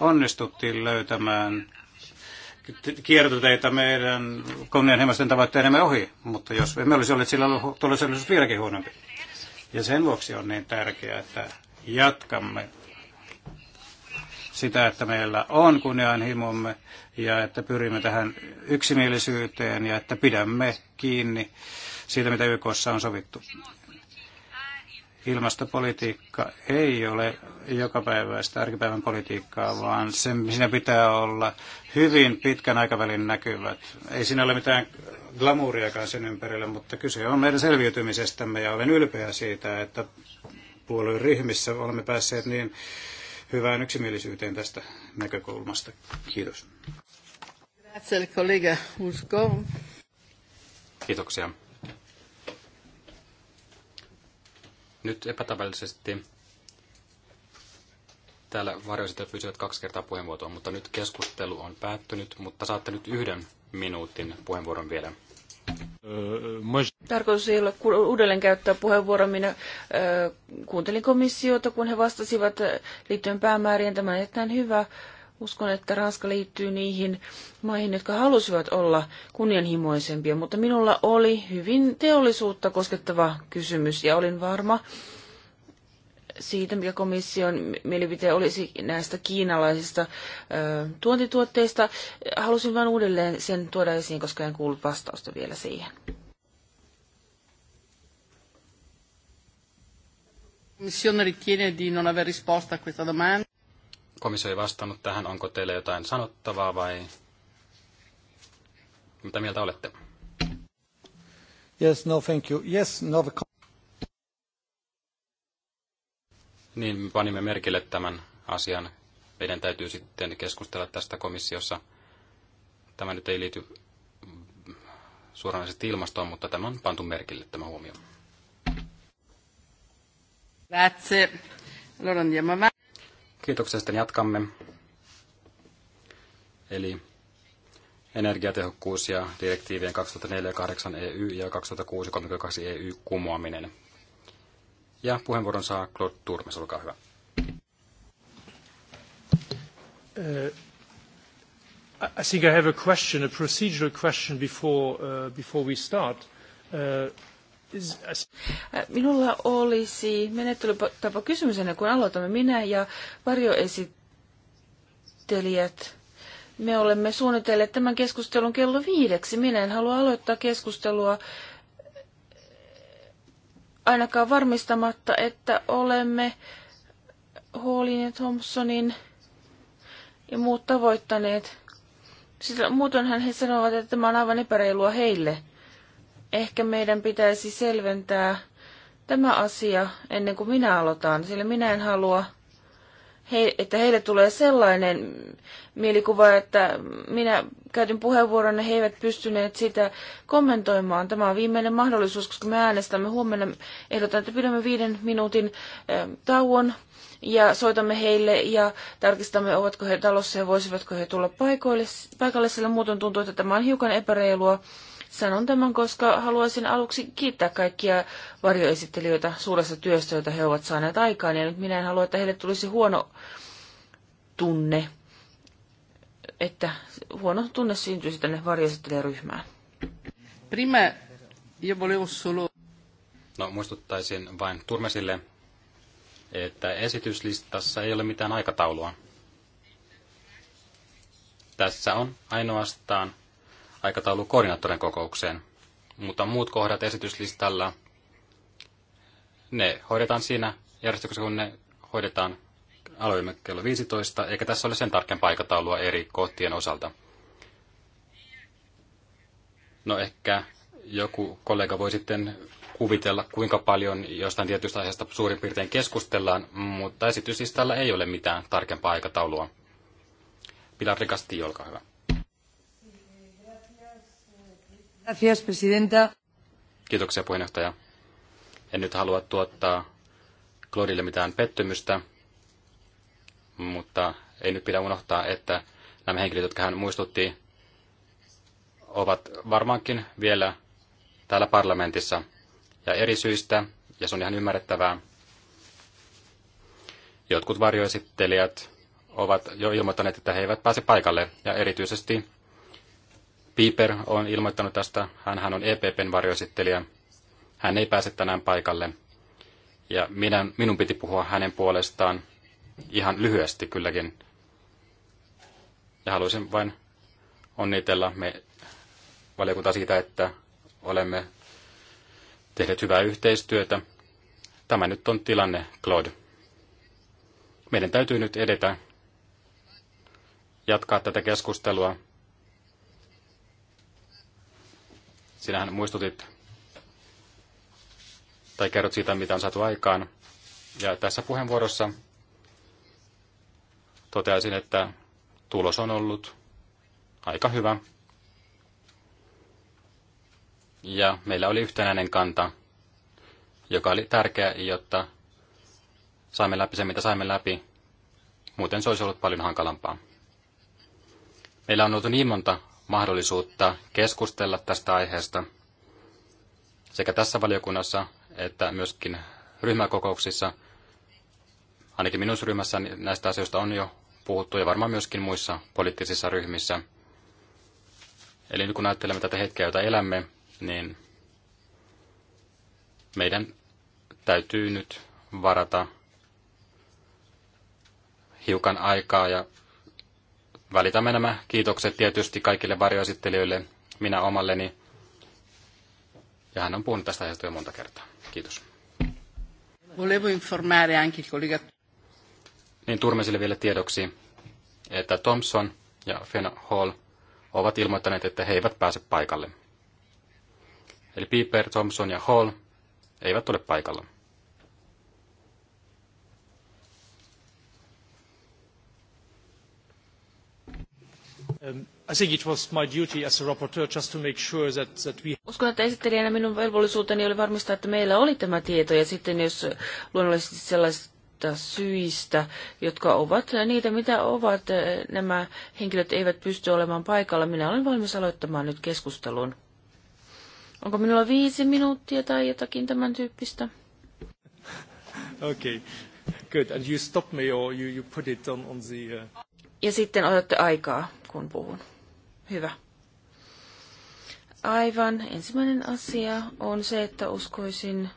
onnistuttiin löytämään kiertoteitä meidän kunnianhimoisten tavoitteidemme ohi, mutta jos emme olisi olleet sillä tulos olisi vieläkin huonompi. Ja sen vuoksi on niin tärkeää, että jatkamme sitä, että meillä on kunnianhimomme ja että pyrimme tähän yksimielisyyteen ja että pidämme kiinni siitä, mitä YKssa on sovittu ilmastopolitiikka ei ole jokapäiväistä arkipäivän politiikkaa, vaan sen, siinä pitää olla hyvin pitkän aikavälin näkyvät. Ei siinä ole mitään glamuuriakaan sen ympärillä, mutta kyse on meidän selviytymisestämme ja olen ylpeä siitä, että puolueen ryhmissä olemme päässeet niin hyvään yksimielisyyteen tästä näkökulmasta. Kiitos. Kiitoksia. Nyt epätavallisesti täällä varjoisitte pysyvät kaksi kertaa puheenvuoroa, mutta nyt keskustelu on päättynyt, mutta saatte nyt yhden minuutin puheenvuoron vielä. Tarkoitus ei ole uudelleen käyttää puheenvuoro. Minä äh, kuuntelin komissiota, kun he vastasivat liittyen päämäärien. Tämä on hyvä Uskon, että Ranska liittyy niihin maihin, jotka halusivat olla kunnianhimoisempia, mutta minulla oli hyvin teollisuutta koskettava kysymys ja olin varma siitä, mikä komission mielipite olisi näistä kiinalaisista ö, tuontituotteista. Halusin vain uudelleen sen tuoda esiin, koska en kuullut vastausta vielä siihen. Commissione ritiene di non aver risposta a questa domanda. Komissio ei vastannut tähän. Onko teille jotain sanottavaa vai mitä mieltä olette? Yes, no, thank you. Yes, no, the... Niin, me panimme merkille tämän asian. Meidän täytyy sitten keskustella tästä komissiossa. Tämä nyt ei liity suoranaisesti ilmastoon, mutta tämä on pantu merkille tämä huomio. Grazie. Allora andiamo avanti. Kiitoksia, sitten jatkamme. Eli energiatehokkuus ja direktiivien 2004-8 EU ja 2006-32 EU kumoaminen. Ja puheenvuoron saa Claude Turmes, olkaa hyvä. Uh, I think I have a question, a procedural question before, uh, before we start. Uh, Minulla olisi menettelytapa kysymys ennen kuin aloitamme. Minä ja varjoesittelijät, me olemme suunnitelleet tämän keskustelun kello viideksi. Minä en halua aloittaa keskustelua ainakaan varmistamatta, että olemme Hallin ja Thompsonin ja muut tavoittaneet. Sillä muutoinhan he sanovat, että tämä on aivan epäreilua heille – ehkä meidän pitäisi selventää tämä asia ennen kuin minä aloitan, sillä minä en halua, he, että heille tulee sellainen mielikuva, että minä käytin puheenvuoron ja he eivät pystyneet sitä kommentoimaan. Tämä on viimeinen mahdollisuus, koska me äänestämme huomenna. Ehdotan, että pidämme viiden minuutin ä, eh, tauon ja soitamme heille ja tarkistamme, ovatko he talossa ja voisivatko he tulla paikoille, paikalle, sillä muuten tuntuu, että tämä on hiukan epäreilua Sanon tämän, koska haluaisin aluksi kiittää kaikkia varjoesittelijöitä suuresta työstä, jota he ovat saaneet aikaan. Ja nyt minä en halua, että heille tulisi huono tunne, että huono tunne syntyisi tänne varjoesittelijäryhmään. Prima, io volevo solo... No, muistuttaisin vain Turmesille, että esityslistassa ei ole mitään aikataulua. Tässä on ainoastaan aikataulu koordinaattorin kokoukseen. Mutta muut kohdat esityslistalla, ne hoidetaan siinä järjestyksessä, kun ne hoidetaan aloimme kello 15, eikä tässä ole sen tarkempaa aikataulua eri kohtien osalta. No ehkä joku kollega voi sitten kuvitella, kuinka paljon jostain tietystä aiheesta suurin piirtein keskustellaan, mutta esityslistalla ei ole mitään tarkempaa aikataulua. Pilar Rikasti, olkaa hyvä. Gracias, presidenta. Kiitoksia, puheenjohtaja. En nyt halua tuottaa Claudille mitään pettymystä, mutta ei nyt pidä unohtaa, että nämä henkilöt, jotka hän muistutti, ovat varmaankin vielä täällä parlamentissa ja eri syistä, ja se on ihan ymmärrettävää. Jotkut varjoesittelijät ovat jo ilmoittaneet, että he eivät pääse paikalle, ja erityisesti Piper on ilmoittanut tästä. hän on EPPn varjoesittelijä. Hän ei pääse tänään paikalle. Ja minä, minun piti puhua hänen puolestaan ihan lyhyesti kylläkin. Ja haluaisin vain onnitella me valiokunta siitä, että olemme tehneet hyvää yhteistyötä. Tämä nyt on tilanne, Claude. Meidän täytyy nyt edetä, jatkaa tätä keskustelua Sinähän muistutit tai kerrot siitä, mitä on saatu aikaan. Ja tässä puheenvuorossa toteaisin, että tulos on ollut aika hyvä. Ja meillä oli yhtenäinen kanta, joka oli tärkeä, jotta saimme läpi sen, mitä saimme läpi. Muuten se olisi ollut paljon hankalampaa. Meillä on ollut niin monta mahdollisuutta keskustella tästä aiheesta sekä tässä valiokunnassa että myöskin ryhmäkokouksissa. Ainakin minun ryhmässäni näistä asioista on jo puhuttu ja varmaan myöskin muissa poliittisissa ryhmissä. Eli nyt kun ajattelemme tätä hetkeä, jota elämme, niin meidän täytyy nyt varata hiukan aikaa ja välitämme nämä kiitokset tietysti kaikille varjoesittelijöille, minä omalleni. Ja hän on puhunut tästä aiheesta jo monta kertaa. Kiitos. Volevo informare anche collega... Niin Turmesille vielä tiedoksi, että Thompson ja Fenn Hall ovat ilmoittaneet, että he eivät pääse paikalle. Eli Piper, Thompson ja Hall eivät ole paikalla. Uskon, että esittelijänä minun velvollisuuteni oli varmistaa, että meillä oli tämä tieto, ja sitten jos luonnollisesti sellaista syistä, jotka ovat niitä, mitä ovat, nämä henkilöt eivät pysty olemaan paikalla, minä olen valmis aloittamaan nyt keskustelun. Onko minulla viisi minuuttia tai jotakin tämän tyyppistä? Okei. Okay. Good. And you stop me or you, you put it on, on the... Uh... Ja sitten otatte aikaa kun puhun. Hyvä. Aivan. Ensimmäinen asia on se, että uskoisin,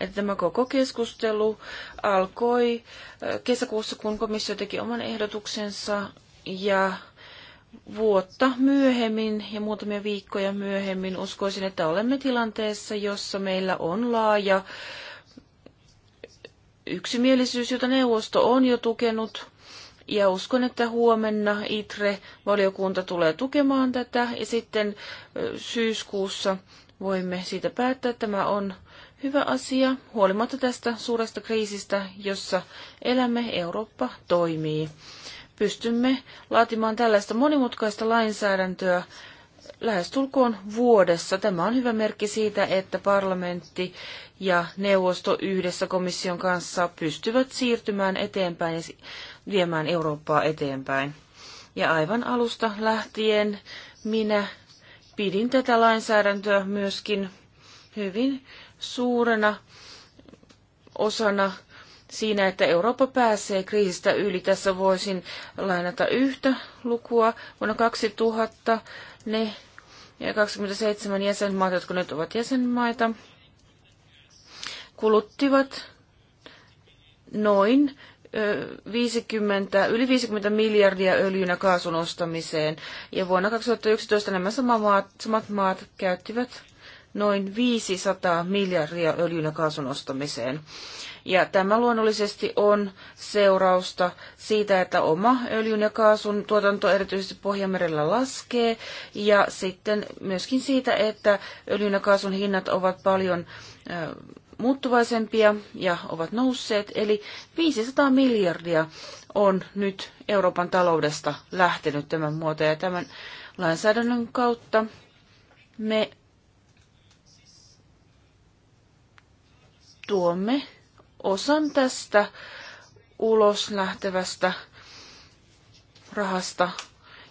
että tämä koko keskustelu alkoi kesäkuussa, kun komissio teki oman ehdotuksensa ja vuotta myöhemmin ja muutamia viikkoja myöhemmin uskoisin, että olemme tilanteessa, jossa meillä on laaja äh, yksimielisyys, jota neuvosto on jo tukenut. Ja uskon, että huomenna ITRE-valiokunta tulee tukemaan tätä ja sitten syyskuussa voimme siitä päättää. Tämä on hyvä asia. Huolimatta tästä suuresta kriisistä, jossa elämme, Eurooppa toimii. Pystymme laatimaan tällaista monimutkaista lainsäädäntöä, lähestulkoon vuodessa. Tämä on hyvä merkki siitä, että parlamentti ja neuvosto yhdessä komission kanssa pystyvät siirtymään eteenpäin ja viemään Eurooppaa eteenpäin. Ja aivan alusta lähtien minä pidin tätä lainsäädäntöä myöskin hyvin suurena osana siinä, että Eurooppa pääsee kriisistä yli. Tässä voisin lainata yhtä lukua. Vuonna 2000 ne ja 27 jäsenmaat, jotka nyt ovat jäsenmaita, kuluttivat noin 50, yli 50 miljardia öljynä kaasun ostamiseen. Ja vuonna 2011 nämä sama maat, samat maat käyttivät noin 500 miljardia öljynä kaasun ostamiseen. Ja tämä luonnollisesti on seurausta siitä, että oma öljyn ja kaasun tuotanto erityisesti Pohjanmerellä laskee ja sitten myöskin siitä, että öljyn ja kaasun hinnat ovat paljon muuttuvaisempia ja ovat nousseet. Eli 500 miljardia on nyt Euroopan taloudesta lähtenyt tämän muoto ja tämän lainsäädännön kautta me tuomme osan tästä ulos lähtevästä rahasta,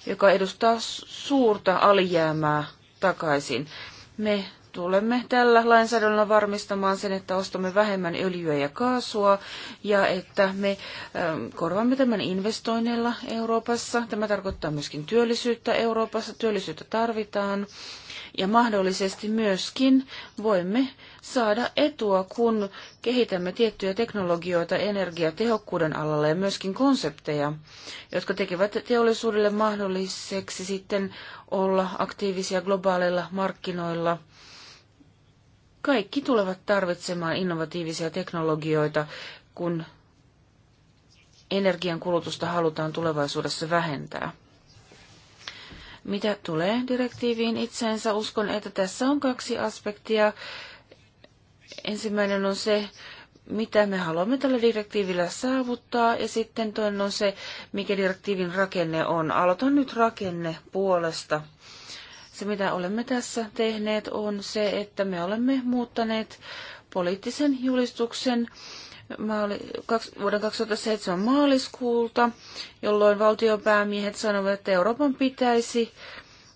joka edustaa suurta alijäämää takaisin. Me tulemme tällä lainsäädännöllä varmistamaan sen, että ostamme vähemmän öljyä ja kaasua ja että me ähm, korvaamme tämän investoinneilla Euroopassa. Tämä tarkoittaa myöskin työllisyyttä Euroopassa. Työllisyyttä tarvitaan ja mahdollisesti myöskin voimme saada etua, kun kehitämme tiettyjä teknologioita energiatehokkuuden alalla ja myöskin konsepteja, jotka tekevät teollisuudelle mahdolliseksi sitten olla aktiivisia globaaleilla markkinoilla kaikki tulevat tarvitsemaan innovatiivisia teknologioita, kun energian kulutusta halutaan tulevaisuudessa vähentää. Mitä tulee direktiiviin itseensä, uskon, että tässä on kaksi aspektia. Ensimmäinen on se, mitä me haluamme tällä direktiivillä saavuttaa, ja sitten toinen on se, mikä direktiivin rakenne on. Aloitan nyt rakenne puolesta. Se, mitä olemme tässä tehneet, on se, että me olemme muuttaneet poliittisen julistuksen maali, kaks, vuoden 2007 maaliskuulta, jolloin valtiopäämiehet sanovat, että Euroopan pitäisi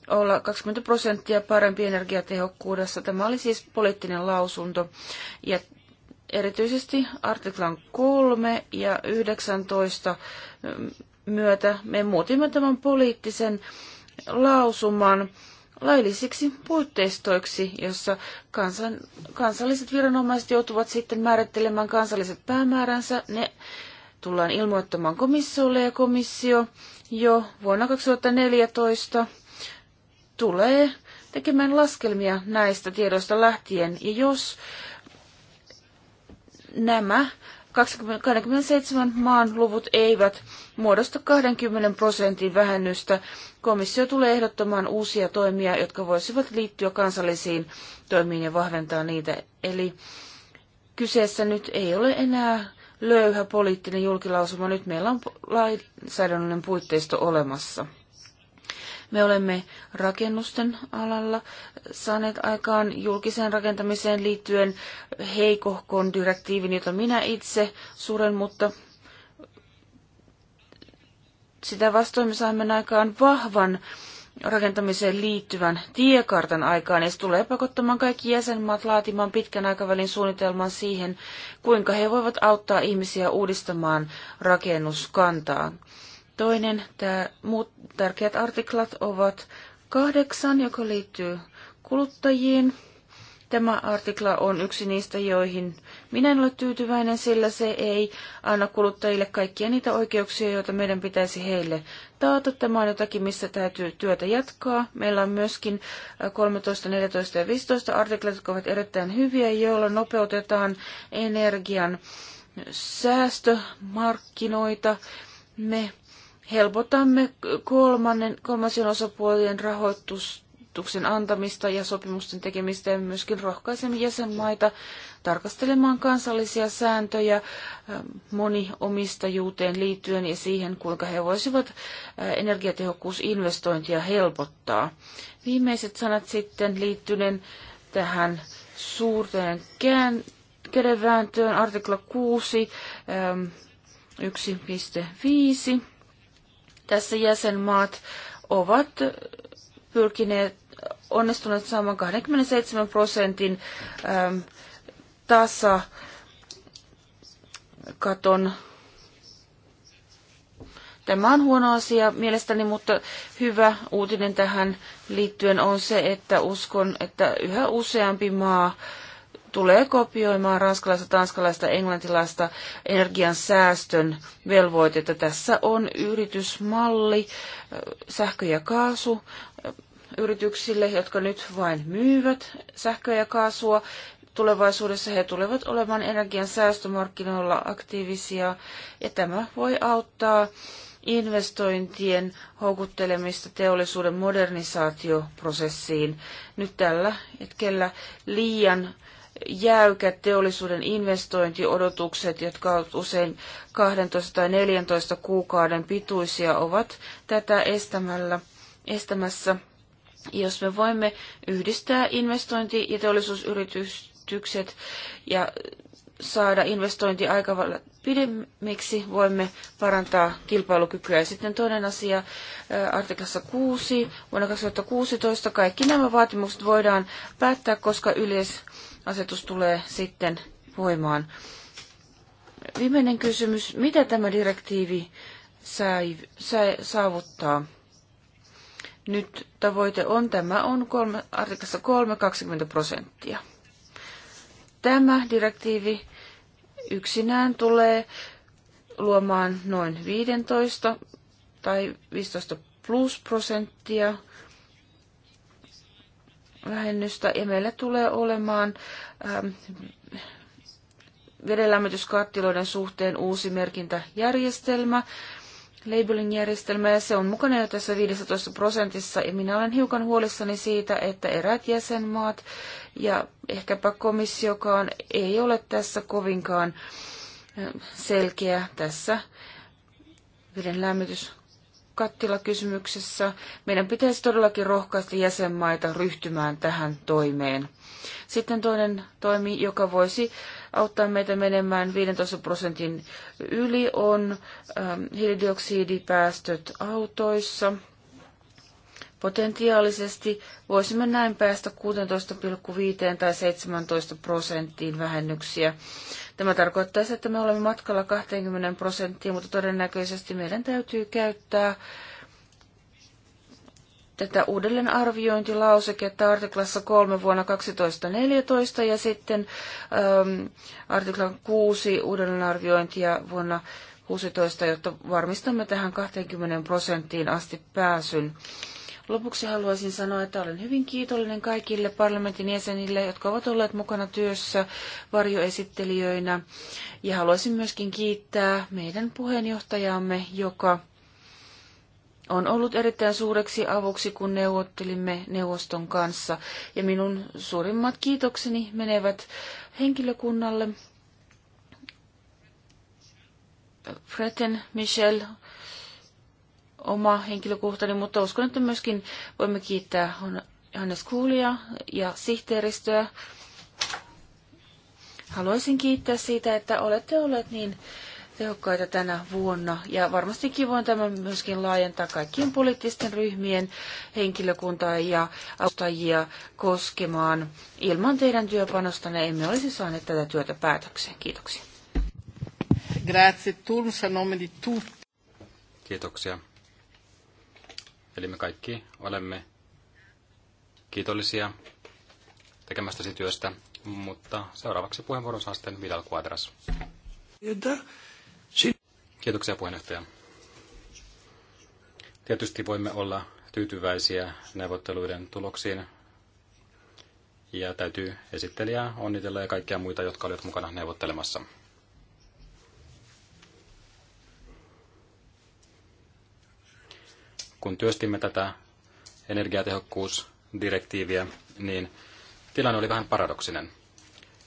olla 20 prosenttia parempi energiatehokkuudessa. Tämä oli siis poliittinen lausunto. Ja erityisesti artiklan 3 ja 19 myötä me muutimme tämän poliittisen lausuman laillisiksi puitteistoiksi, jossa kansan, kansalliset viranomaiset joutuvat sitten määrittelemään kansalliset päämääränsä. Ne tullaan ilmoittamaan komissiolle ja komissio jo vuonna 2014 tulee tekemään laskelmia näistä tiedoista lähtien. Ja jos nämä 27 maan luvut eivät muodosta 20 prosentin vähennystä. Komissio tulee ehdottamaan uusia toimia, jotka voisivat liittyä kansallisiin toimiin ja vahventaa niitä. Eli kyseessä nyt ei ole enää löyhä poliittinen julkilausuma, nyt meillä on lainsäädännöllinen puitteisto olemassa. Me olemme rakennusten alalla saaneet aikaan julkiseen rakentamiseen liittyen heikohkon direktiivin, jota minä itse suren, mutta sitä vastoin me saimme aikaan vahvan rakentamiseen liittyvän tiekartan aikaan, ja se tulee pakottamaan kaikki jäsenmaat laatimaan pitkän aikavälin suunnitelman siihen, kuinka he voivat auttaa ihmisiä uudistamaan rakennuskantaa. Toinen, tämä, muut tärkeät artiklat ovat kahdeksan, joka liittyy kuluttajiin. Tämä artikla on yksi niistä, joihin minä en ole tyytyväinen, sillä se ei anna kuluttajille kaikkia niitä oikeuksia, joita meidän pitäisi heille taata. Tämä on jotakin, missä täytyy työtä jatkaa. Meillä on myöskin 13, 14 ja 15 artiklat, jotka ovat erittäin hyviä, joilla nopeutetaan energian säästömarkkinoita. Me helpotamme kolmannen, kolmasien osapuolien rahoituksen antamista ja sopimusten tekemistä ja myöskin rohkaisemme jäsenmaita tarkastelemaan kansallisia sääntöjä äh, moniomistajuuteen liittyen ja siihen, kuinka he voisivat äh, energiatehokkuusinvestointia helpottaa. Viimeiset sanat sitten liittyen tähän suurteen kään, kädenvääntöön, artikla 6, 1.5. Ähm, tässä jäsenmaat ovat pyrkineet onnistuneet saamaan 27 prosentin ähm, tasa katon. Tämä on huono asia mielestäni, mutta hyvä uutinen tähän liittyen on se, että uskon, että yhä useampi maa äh, tulee kopioimaan ranskalaista, tanskalaista, englantilaista energian säästön velvoitetta. Tässä on yritysmalli sähkö- ja kaasu yrityksille, jotka nyt vain myyvät sähköä ja kaasua. Tulevaisuudessa he tulevat olemaan energian säästömarkkinoilla aktiivisia ja tämä voi auttaa investointien houkuttelemista teollisuuden modernisaatioprosessiin. Nyt tällä hetkellä liian jäykät teollisuuden investointiodotukset, jotka ovat usein 12 tai 14 kuukauden pituisia, ovat tätä estämällä, estämässä. Jos me voimme yhdistää investointi- ja teollisuusyritykset ja saada investointiaikavalla pidemmiksi, voimme parantaa kilpailukykyä. Ja sitten toinen asia, artiklassa 6, vuonna 2016 kaikki nämä vaatimukset voidaan päättää, koska yleis asetus tulee sitten voimaan. Viimeinen kysymys. Mitä tämä direktiivi sai, sai, saavuttaa? Nyt tavoite on, tämä on kolme, artikassa 3,20 prosenttia. Tämä direktiivi yksinään tulee luomaan noin 15 tai 15 plus prosenttia vähennystä ja meillä tulee olemaan ähm, vedenlämmityskattiloiden suhteen uusi merkintäjärjestelmä, labeling-järjestelmä, ja se on mukana jo tässä 15 prosentissa, ja minä olen hiukan huolissani siitä, että erät jäsenmaat ja ehkäpä komissiokaan ei ole tässä kovinkaan ähm, selkeä tässä veden lämmitys kattila kysymyksessä. Meidän pitäisi todellakin rohkaista jäsenmaita ryhtymään tähän toimeen. Sitten toinen toimi, joka voisi auttaa meitä menemään 15 prosentin yli, on ähm, hiilidioksidipäästöt autoissa – Potentiaalisesti voisimme näin päästä 16,5 tai 17 prosenttiin vähennyksiä. Tämä tarkoittaa että me olemme matkalla 20 prosenttiin, mutta todennäköisesti meidän täytyy käyttää tätä uudelleenarviointilauseketta artiklassa 3 vuonna 2014 ja sitten äm, artiklan 6 uudelleenarviointia vuonna 2016, jotta varmistamme tähän 20 prosenttiin asti pääsyn. Lopuksi haluaisin sanoa, että olen hyvin kiitollinen kaikille parlamentin jäsenille, jotka ovat olleet mukana työssä varjoesittelijöinä. Ja haluaisin myöskin kiittää meidän puheenjohtajaamme, joka on ollut erittäin suureksi avuksi, kun neuvottelimme neuvoston kanssa. Ja minun suurimmat kiitokseni menevät henkilökunnalle. Freten Michel oma henkilökohtainen, niin, mutta uskon, että myöskin voimme kiittää Hannes Kuulia ja sihteeristöä. Haluaisin kiittää siitä, että olette olleet niin tehokkaita tänä vuonna. Ja varmastikin voin tämän myöskin laajentaa kaikkien poliittisten ryhmien henkilökuntaa ja avustajia koskemaan. Ilman teidän työpanostanne emme olisi saaneet tätä työtä päätökseen. Kiitoksia. Grazie, nome di tutti. Kiitoksia. Eli me kaikki olemme kiitollisia tekemästäsi työstä, mutta seuraavaksi puheenvuoron saa sitten Vidal Quadras. Kiitoksia puheenjohtaja. Tietysti voimme olla tyytyväisiä neuvotteluiden tuloksiin ja täytyy esittelijää onnitella ja kaikkia muita, jotka olivat mukana neuvottelemassa. kun työstimme tätä energiatehokkuusdirektiiviä, niin tilanne oli vähän paradoksinen.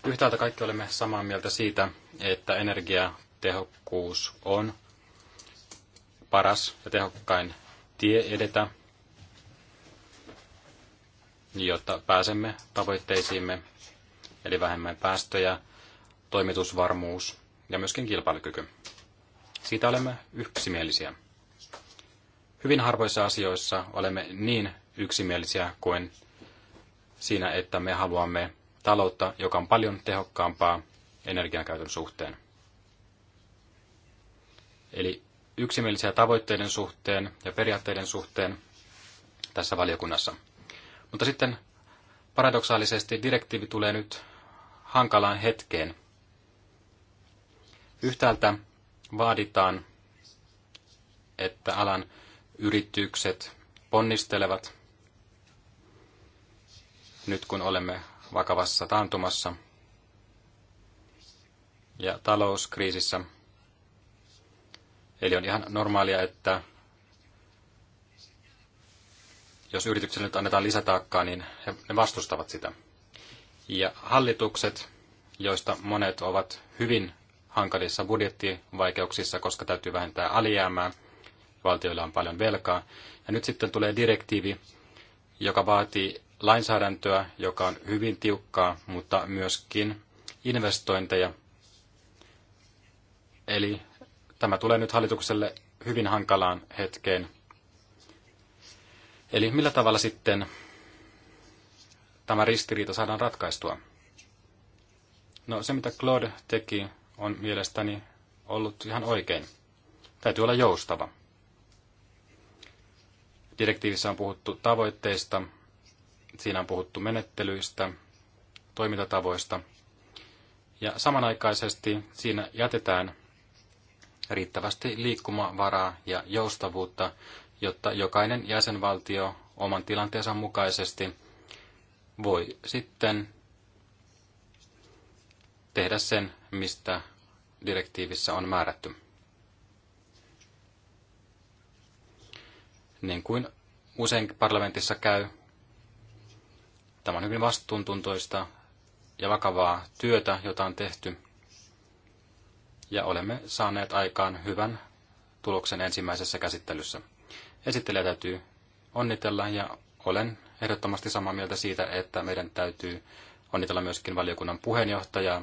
Yhtäältä kaikki olemme samaa mieltä siitä, että energiatehokkuus on paras ja tehokkain tie edetä, jotta pääsemme tavoitteisiimme, eli vähemmän päästöjä, toimitusvarmuus ja myöskin kilpailukyky. Siitä olemme yksimielisiä. Hyvin harvoissa asioissa olemme niin yksimielisiä kuin siinä, että me haluamme taloutta, joka on paljon tehokkaampaa energiankäytön suhteen. Eli yksimielisiä tavoitteiden suhteen ja periaatteiden suhteen tässä valiokunnassa. Mutta sitten paradoksaalisesti direktiivi tulee nyt hankalaan hetkeen. Yhtäältä vaaditaan, että alan yritykset ponnistelevat nyt kun olemme vakavassa taantumassa ja talouskriisissä. Eli on ihan normaalia, että jos yritykselle nyt annetaan lisätaakkaa, niin he, ne vastustavat sitä. Ja hallitukset, joista monet ovat hyvin hankalissa budjettivaikeuksissa, koska täytyy vähentää alijäämää – valtioilla on paljon velkaa. Ja nyt sitten tulee direktiivi, joka vaatii lainsäädäntöä, joka on hyvin tiukkaa, mutta myöskin investointeja. Eli tämä tulee nyt hallitukselle hyvin hankalaan hetkeen. Eli millä tavalla sitten tämä ristiriita saadaan ratkaistua? No se, mitä Claude teki, on mielestäni ollut ihan oikein. Täytyy olla joustava. Direktiivissä on puhuttu tavoitteista, siinä on puhuttu menettelyistä, toimintatavoista, ja samanaikaisesti siinä jätetään riittävästi liikkumavaraa ja joustavuutta, jotta jokainen jäsenvaltio oman tilanteensa mukaisesti voi sitten tehdä sen, mistä direktiivissä on määrätty. niin kuin usein parlamentissa käy. Tämä on hyvin vastuuntuntoista ja vakavaa työtä, jota on tehty, ja olemme saaneet aikaan hyvän tuloksen ensimmäisessä käsittelyssä. Esittelijä täytyy onnitella, ja olen ehdottomasti samaa mieltä siitä, että meidän täytyy onnitella myöskin valiokunnan puheenjohtajaa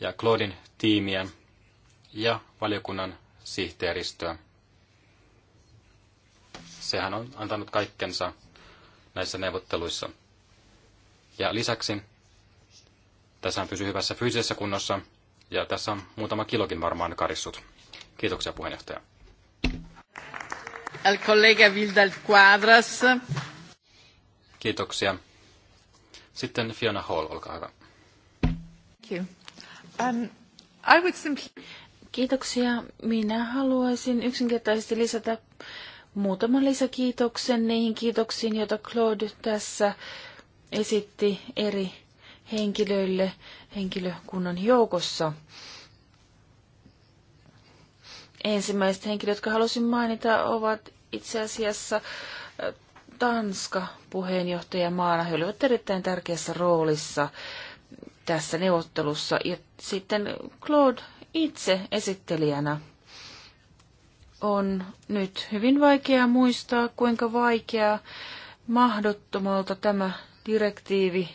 ja Claudin tiimiä ja valiokunnan sihteeristöä sehän on antanut kaikkensa näissä neuvotteluissa. Ja lisäksi tässä pysy hyvässä fyysisessä kunnossa ja tässä on muutama kilokin varmaan karissut. Kiitoksia puheenjohtaja. Al collega Vildal Quadras. Kiitoksia. Sitten Fiona Hall, olkaa hyvä. Thank you. Um, I would simply... Kiitoksia. Minä haluaisin yksinkertaisesti lisätä muutaman lisäkiitoksen niihin kiitoksiin, joita Claude tässä esitti eri henkilöille henkilökunnan joukossa. Ensimmäiset henkilöt, jotka halusin mainita, ovat itse asiassa Tanska maana. He olivat erittäin tärkeässä roolissa tässä neuvottelussa. Ja sitten Claude itse esittelijänä on nyt hyvin vaikea muistaa, kuinka vaikea mahdottomalta tämä direktiivi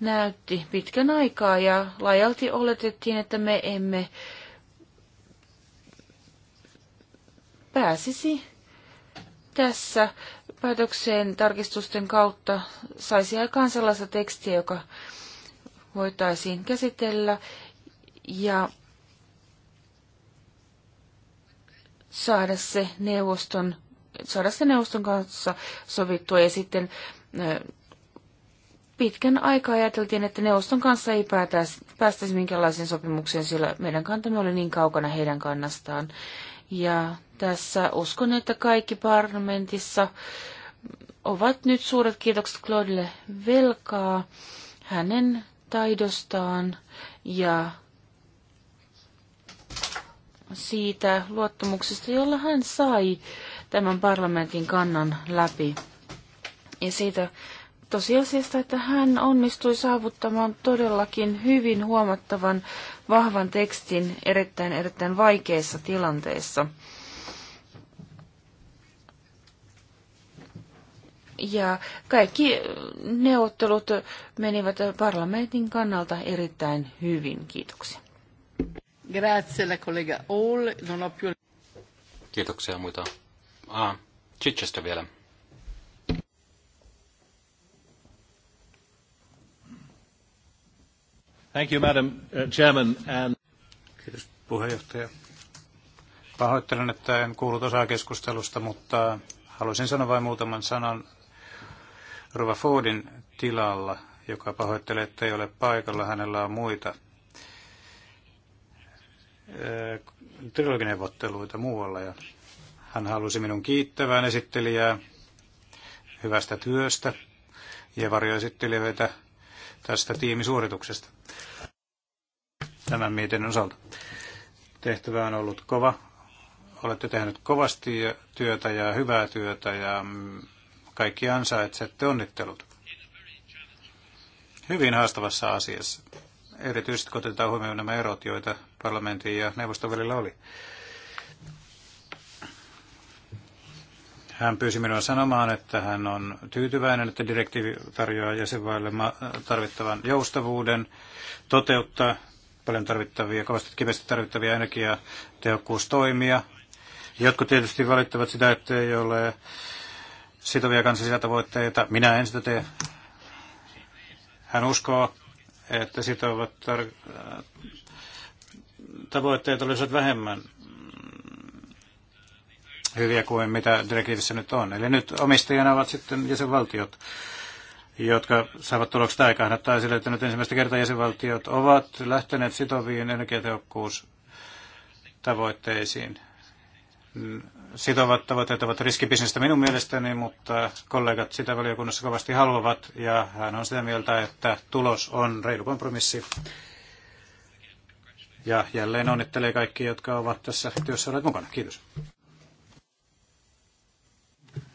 näytti pitkän aikaa ja laajalti oletettiin, että me emme pääsisi tässä päätökseen tarkistusten kautta saisi aikaan sellaista tekstiä, joka voitaisiin käsitellä ja saada se neuvoston, saada se neuvoston kanssa sovittua ja sitten pitkän aikaa ajateltiin, että neuvoston kanssa ei päätäisi, päästäisi minkälaiseen sopimukseen, sillä meidän kantamme oli niin kaukana heidän kannastaan. Ja tässä uskon, että kaikki parlamentissa ovat nyt suuret kiitokset Claudelle velkaa hänen taidostaan ja siitä luottamuksesta, jolla hän sai tämän parlamentin kannan läpi. Ja siitä tosiasiasta, että hän onnistui saavuttamaan todellakin hyvin huomattavan vahvan tekstin erittäin erittäin vaikeissa tilanteissa. Ja kaikki neuvottelut menivät parlamentin kannalta erittäin hyvin. Kiitoksia. Grazie la collega Hall. Non ho più... Kiitoksia muita. Ah, Chichester vielä. Thank you, Madam uh, Chairman. And... Kiitos puheenjohtaja. Pahoittelen, että en kuullut osaa keskustelusta, mutta haluaisin sanoa vain muutaman sanan Ruva Fordin tilalla, joka pahoittelee, että ei ole paikalla. Hänellä on muita trilogineuvotteluita muualla ja hän halusi minun kiittävään esittelijää hyvästä työstä ja varjoesittelijöitä tästä tiimisuorituksesta tämän mietinnön osalta. Tehtävä on ollut kova. Olette tehneet kovasti työtä ja hyvää työtä ja kaikki ansaitsette onnittelut. Hyvin haastavassa asiassa. Erityisesti kun otetaan huomioon nämä erot, joita parlamentin ja neuvoston välillä oli. Hän pyysi minua sanomaan, että hän on tyytyväinen, että direktiivi tarjoaa jäsenvaille tarvittavan joustavuuden toteuttaa paljon tarvittavia, kovasti kipeästi tarvittavia energiatehokkuustoimia. Jotkut tietysti valittavat sitä, että ei ole sitovia kansallisia tavoitteita. Minä en sitä tee. Hän uskoo, että sitovat tar- tavoitteet olisivat vähemmän hyviä kuin mitä direktiivissä nyt on. Eli nyt omistajana ovat sitten jäsenvaltiot, jotka saavat tulokset aikaan. Kannattaa esille, että nyt ensimmäistä kertaa jäsenvaltiot ovat lähteneet sitoviin energiatehokkuustavoitteisiin. Sitovat tavoitteet ovat riskibisnestä minun mielestäni, mutta kollegat sitä valiokunnassa kovasti haluavat, ja hän on sitä mieltä, että tulos on reilu kompromissi, ja jälleen onnittelee kaikki, jotka ovat tässä työssä olleet mukana. Kiitos.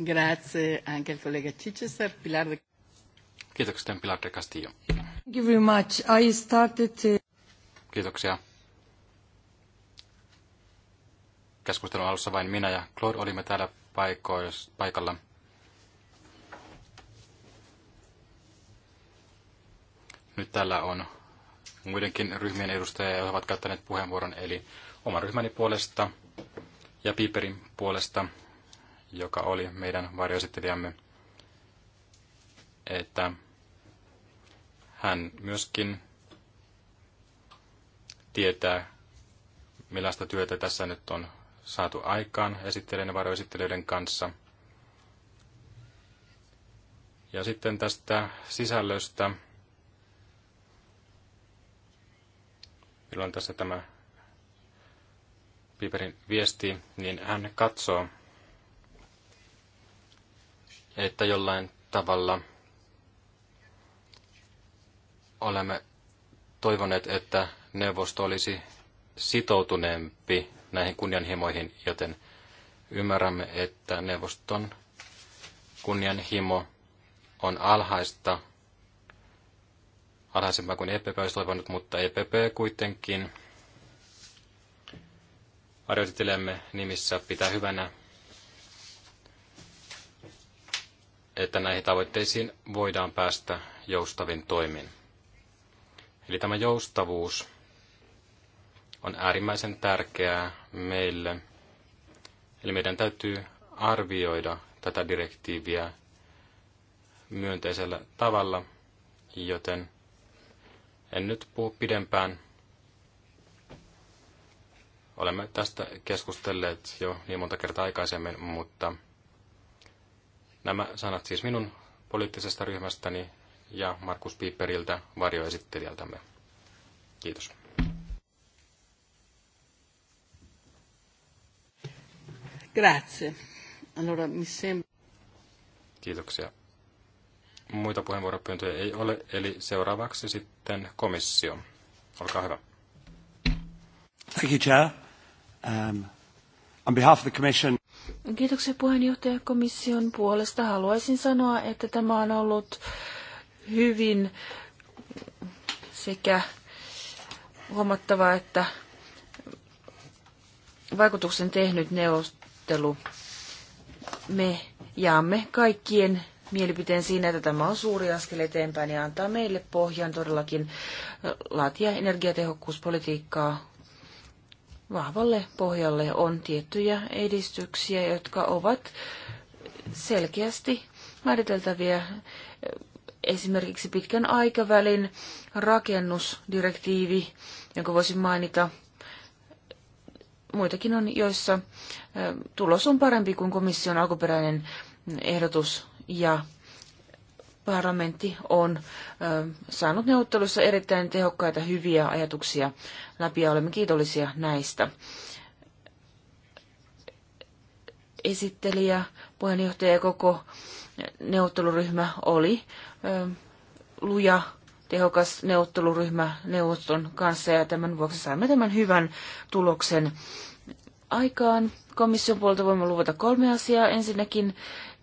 Grazie anche al collega Chichester. Pilar de... Kiitoksia, Pilar de Castillo. Thank you very much. I started to... Kiitoksia. Keskustelun alussa vain minä ja Claude olimme täällä paikalla. Nyt täällä on muidenkin ryhmien edustajia, jotka ovat käyttäneet puheenvuoron, eli oman ryhmäni puolesta ja Piperin puolesta, joka oli meidän varjoesittelijämme, että hän myöskin tietää, millaista työtä tässä nyt on saatu aikaan esittelijän ja varjoesittelijöiden kanssa. Ja sitten tästä sisällöstä Jolloin tässä tämä Piperin viesti, niin hän katsoo, että jollain tavalla olemme toivoneet, että neuvosto olisi sitoutuneempi näihin kunnianhimoihin, joten ymmärrämme, että neuvoston kunnianhimo on alhaista alhaisempaa kuin EPP olisi toivonut, mutta EPP kuitenkin harjoittelijamme nimissä pitää hyvänä, että näihin tavoitteisiin voidaan päästä joustavin toimin. Eli tämä joustavuus on äärimmäisen tärkeää meille. Eli meidän täytyy arvioida tätä direktiiviä myönteisellä tavalla, joten en nyt puhu pidempään. Olemme tästä keskustelleet jo niin monta kertaa aikaisemmin, mutta nämä sanat siis minun poliittisesta ryhmästäni ja Markus Piiperiltä varjoesittelijältämme. Kiitos. Grazie. Allora, mi sembra... Kiitoksia. Muita puheenvuoropyyntöjä ei ole, eli seuraavaksi sitten komissio. Olkaa hyvä. Thank you, Chair. Um, on behalf of the Commission... Kiitoksia puheenjohtaja komission puolesta. Haluaisin sanoa, että tämä on ollut hyvin sekä huomattava, että vaikutuksen tehnyt neuvostelu. Me jaamme kaikkien mielipiteen siinä, että tämä on suuri askel eteenpäin ja antaa meille pohjan todellakin laatia energiatehokkuuspolitiikkaa vahvalle pohjalle. On tiettyjä edistyksiä, jotka ovat selkeästi määriteltäviä esimerkiksi pitkän aikavälin rakennusdirektiivi, jonka voisin mainita. Muitakin on, joissa tulos on parempi kuin komission alkuperäinen ehdotus ja parlamentti on saanut neuvotteluissa erittäin tehokkaita hyviä ajatuksia läpi ja olemme kiitollisia näistä. Esittelijä, puheenjohtaja ja koko neuvotteluryhmä oli luja, tehokas neuvotteluryhmä neuvoston kanssa ja tämän vuoksi saimme tämän hyvän tuloksen aikaan. Komission puolta voimme luvata kolme asiaa. Ensinnäkin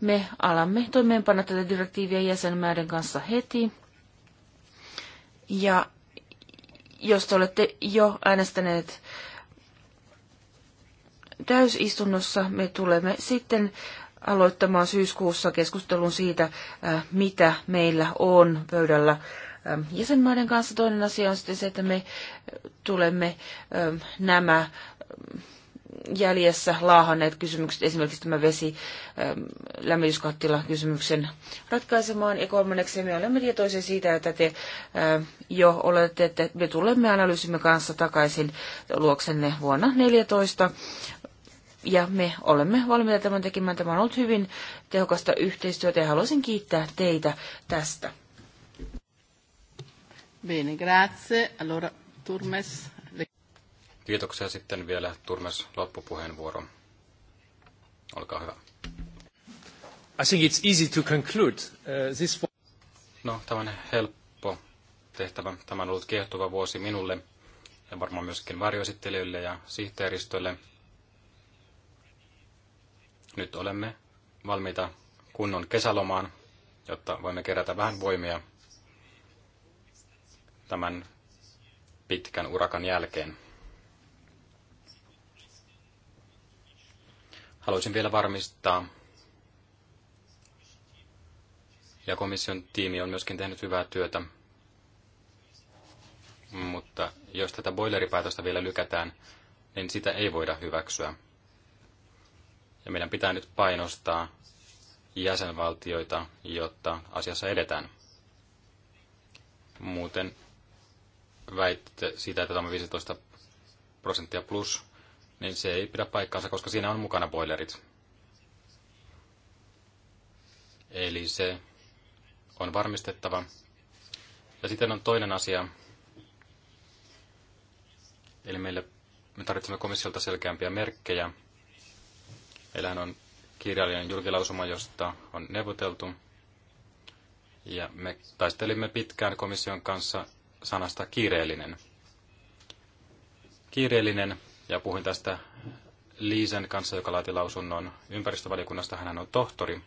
me alamme toimeenpanna tätä direktiiviä jäsenmäiden kanssa heti. Ja jos te olette jo äänestäneet täysistunnossa, me tulemme sitten aloittamaan syyskuussa keskustelun siitä, äh, mitä meillä on pöydällä ähm, jäsenmaiden kanssa. Toinen asia on sitten se, että me tulemme ähm, nämä jäljessä laahanneet kysymykset, esimerkiksi tämä vesi ähm, lämmityskattila kysymyksen ratkaisemaan. Ja kolmanneksi me olemme tietoisia siitä, että te ähm, jo olette, että me tulemme analyysimme kanssa takaisin luoksenne vuonna 2014. Ja me olemme valmiita tämän tekemään. Tämä on ollut hyvin tehokasta yhteistyötä ja haluaisin kiittää teitä tästä. Bene, grazie. Allora, Turmes. Kiitoksia sitten vielä Turmes loppupuheenvuoro. Olkaa hyvä. I think it's easy to conclude uh, this... No, tämä on helppo tehtävä. Tämä on ollut kiehtova vuosi minulle ja varmaan myöskin varjoesittelijöille ja sihteeristölle. Nyt olemme valmiita kunnon kesälomaan, jotta voimme kerätä vähän voimia tämän pitkän urakan jälkeen. Haluaisin vielä varmistaa, ja komission tiimi on myöskin tehnyt hyvää työtä, mutta jos tätä boileripäätöstä vielä lykätään, niin sitä ei voida hyväksyä. Ja meidän pitää nyt painostaa jäsenvaltioita, jotta asiassa edetään. Muuten väitte sitä, että tämä 15 prosenttia plus niin se ei pidä paikkaansa, koska siinä on mukana boilerit. Eli se on varmistettava. Ja sitten on toinen asia. Eli meille, me tarvitsemme komissiolta selkeämpiä merkkejä. Meillähän on kirjallinen julkilausuma, josta on neuvoteltu. Ja me taistelimme pitkään komission kanssa sanasta kiireellinen. Kiireellinen ja puhuin tästä Liisen kanssa, joka laati lausunnon ympäristövaliokunnasta. Hän on tohtori.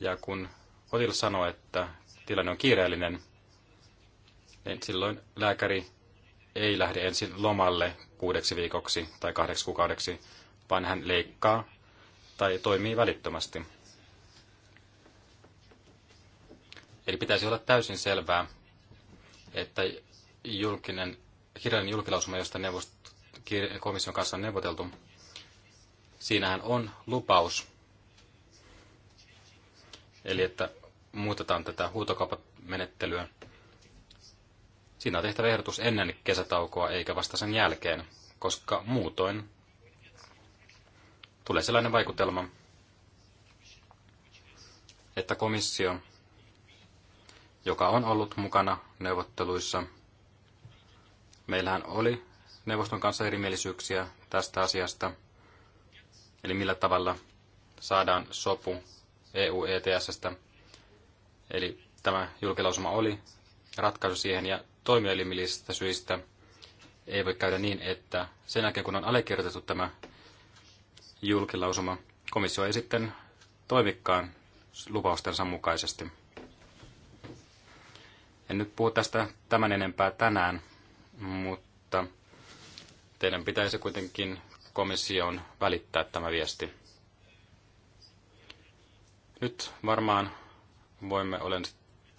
Ja kun Otil sanoi, että tilanne on kiireellinen, niin silloin lääkäri ei lähde ensin lomalle kuudeksi viikoksi tai kahdeksi kuukaudeksi, vaan hän leikkaa tai toimii välittömästi. Eli pitäisi olla täysin selvää, että julkinen, kirjallinen julkilausuma, josta neuvosto komission kanssa on neuvoteltu, siinähän on lupaus, eli että muutetaan tätä huutokauppamenettelyä. Siinä on tehtävä ehdotus ennen kesätaukoa eikä vasta sen jälkeen, koska muutoin tulee sellainen vaikutelma, että komissio, joka on ollut mukana neuvotteluissa, meillähän oli neuvoston kanssa erimielisyyksiä tästä asiasta, eli millä tavalla saadaan sopu EU-ETSstä. Eli tämä julkilausuma oli ratkaisu siihen, ja toimielimillisistä syistä ei voi käydä niin, että sen jälkeen kun on allekirjoitettu tämä julkilausuma, komissio ei sitten toimikaan lupaustensa mukaisesti. En nyt puhu tästä tämän enempää tänään, mutta Teidän pitäisi kuitenkin komission välittää tämä viesti. Nyt varmaan voimme olen,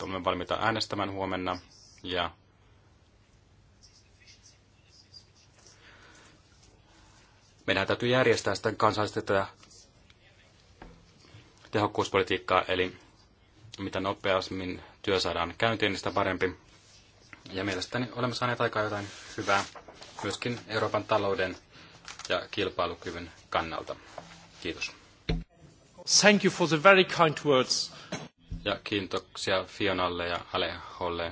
olemme valmiita äänestämään huomenna ja meidän täytyy järjestää sitä kansallista tätä tehokkuuspolitiikkaa, eli mitä nopeammin työ saadaan käyntiin, niin sitä parempi. Ja mielestäni olemme saaneet aikaa jotain hyvää myöskin Euroopan talouden ja kilpailukyvyn kannalta. Kiitos. Thank you for the very kind words. Ja kiitoksia Fionalle ja Aleholle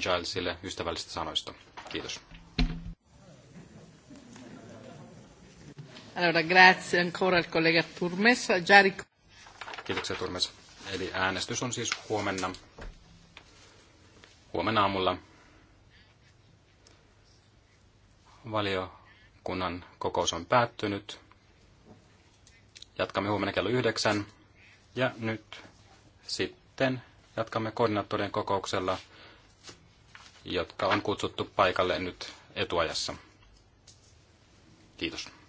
Gilesille ystävällisistä sanoista. Kiitos. Allora, grazie ancora al collega Turmes. Già ric- Kiitoksia Turmes. Eli äänestys on siis huomenna, huomenna aamulla Valiokunnan kokous on päättynyt. Jatkamme huomenna kello yhdeksän. Ja nyt sitten jatkamme koordinaattorien kokouksella, jotka on kutsuttu paikalle nyt etuajassa. Kiitos.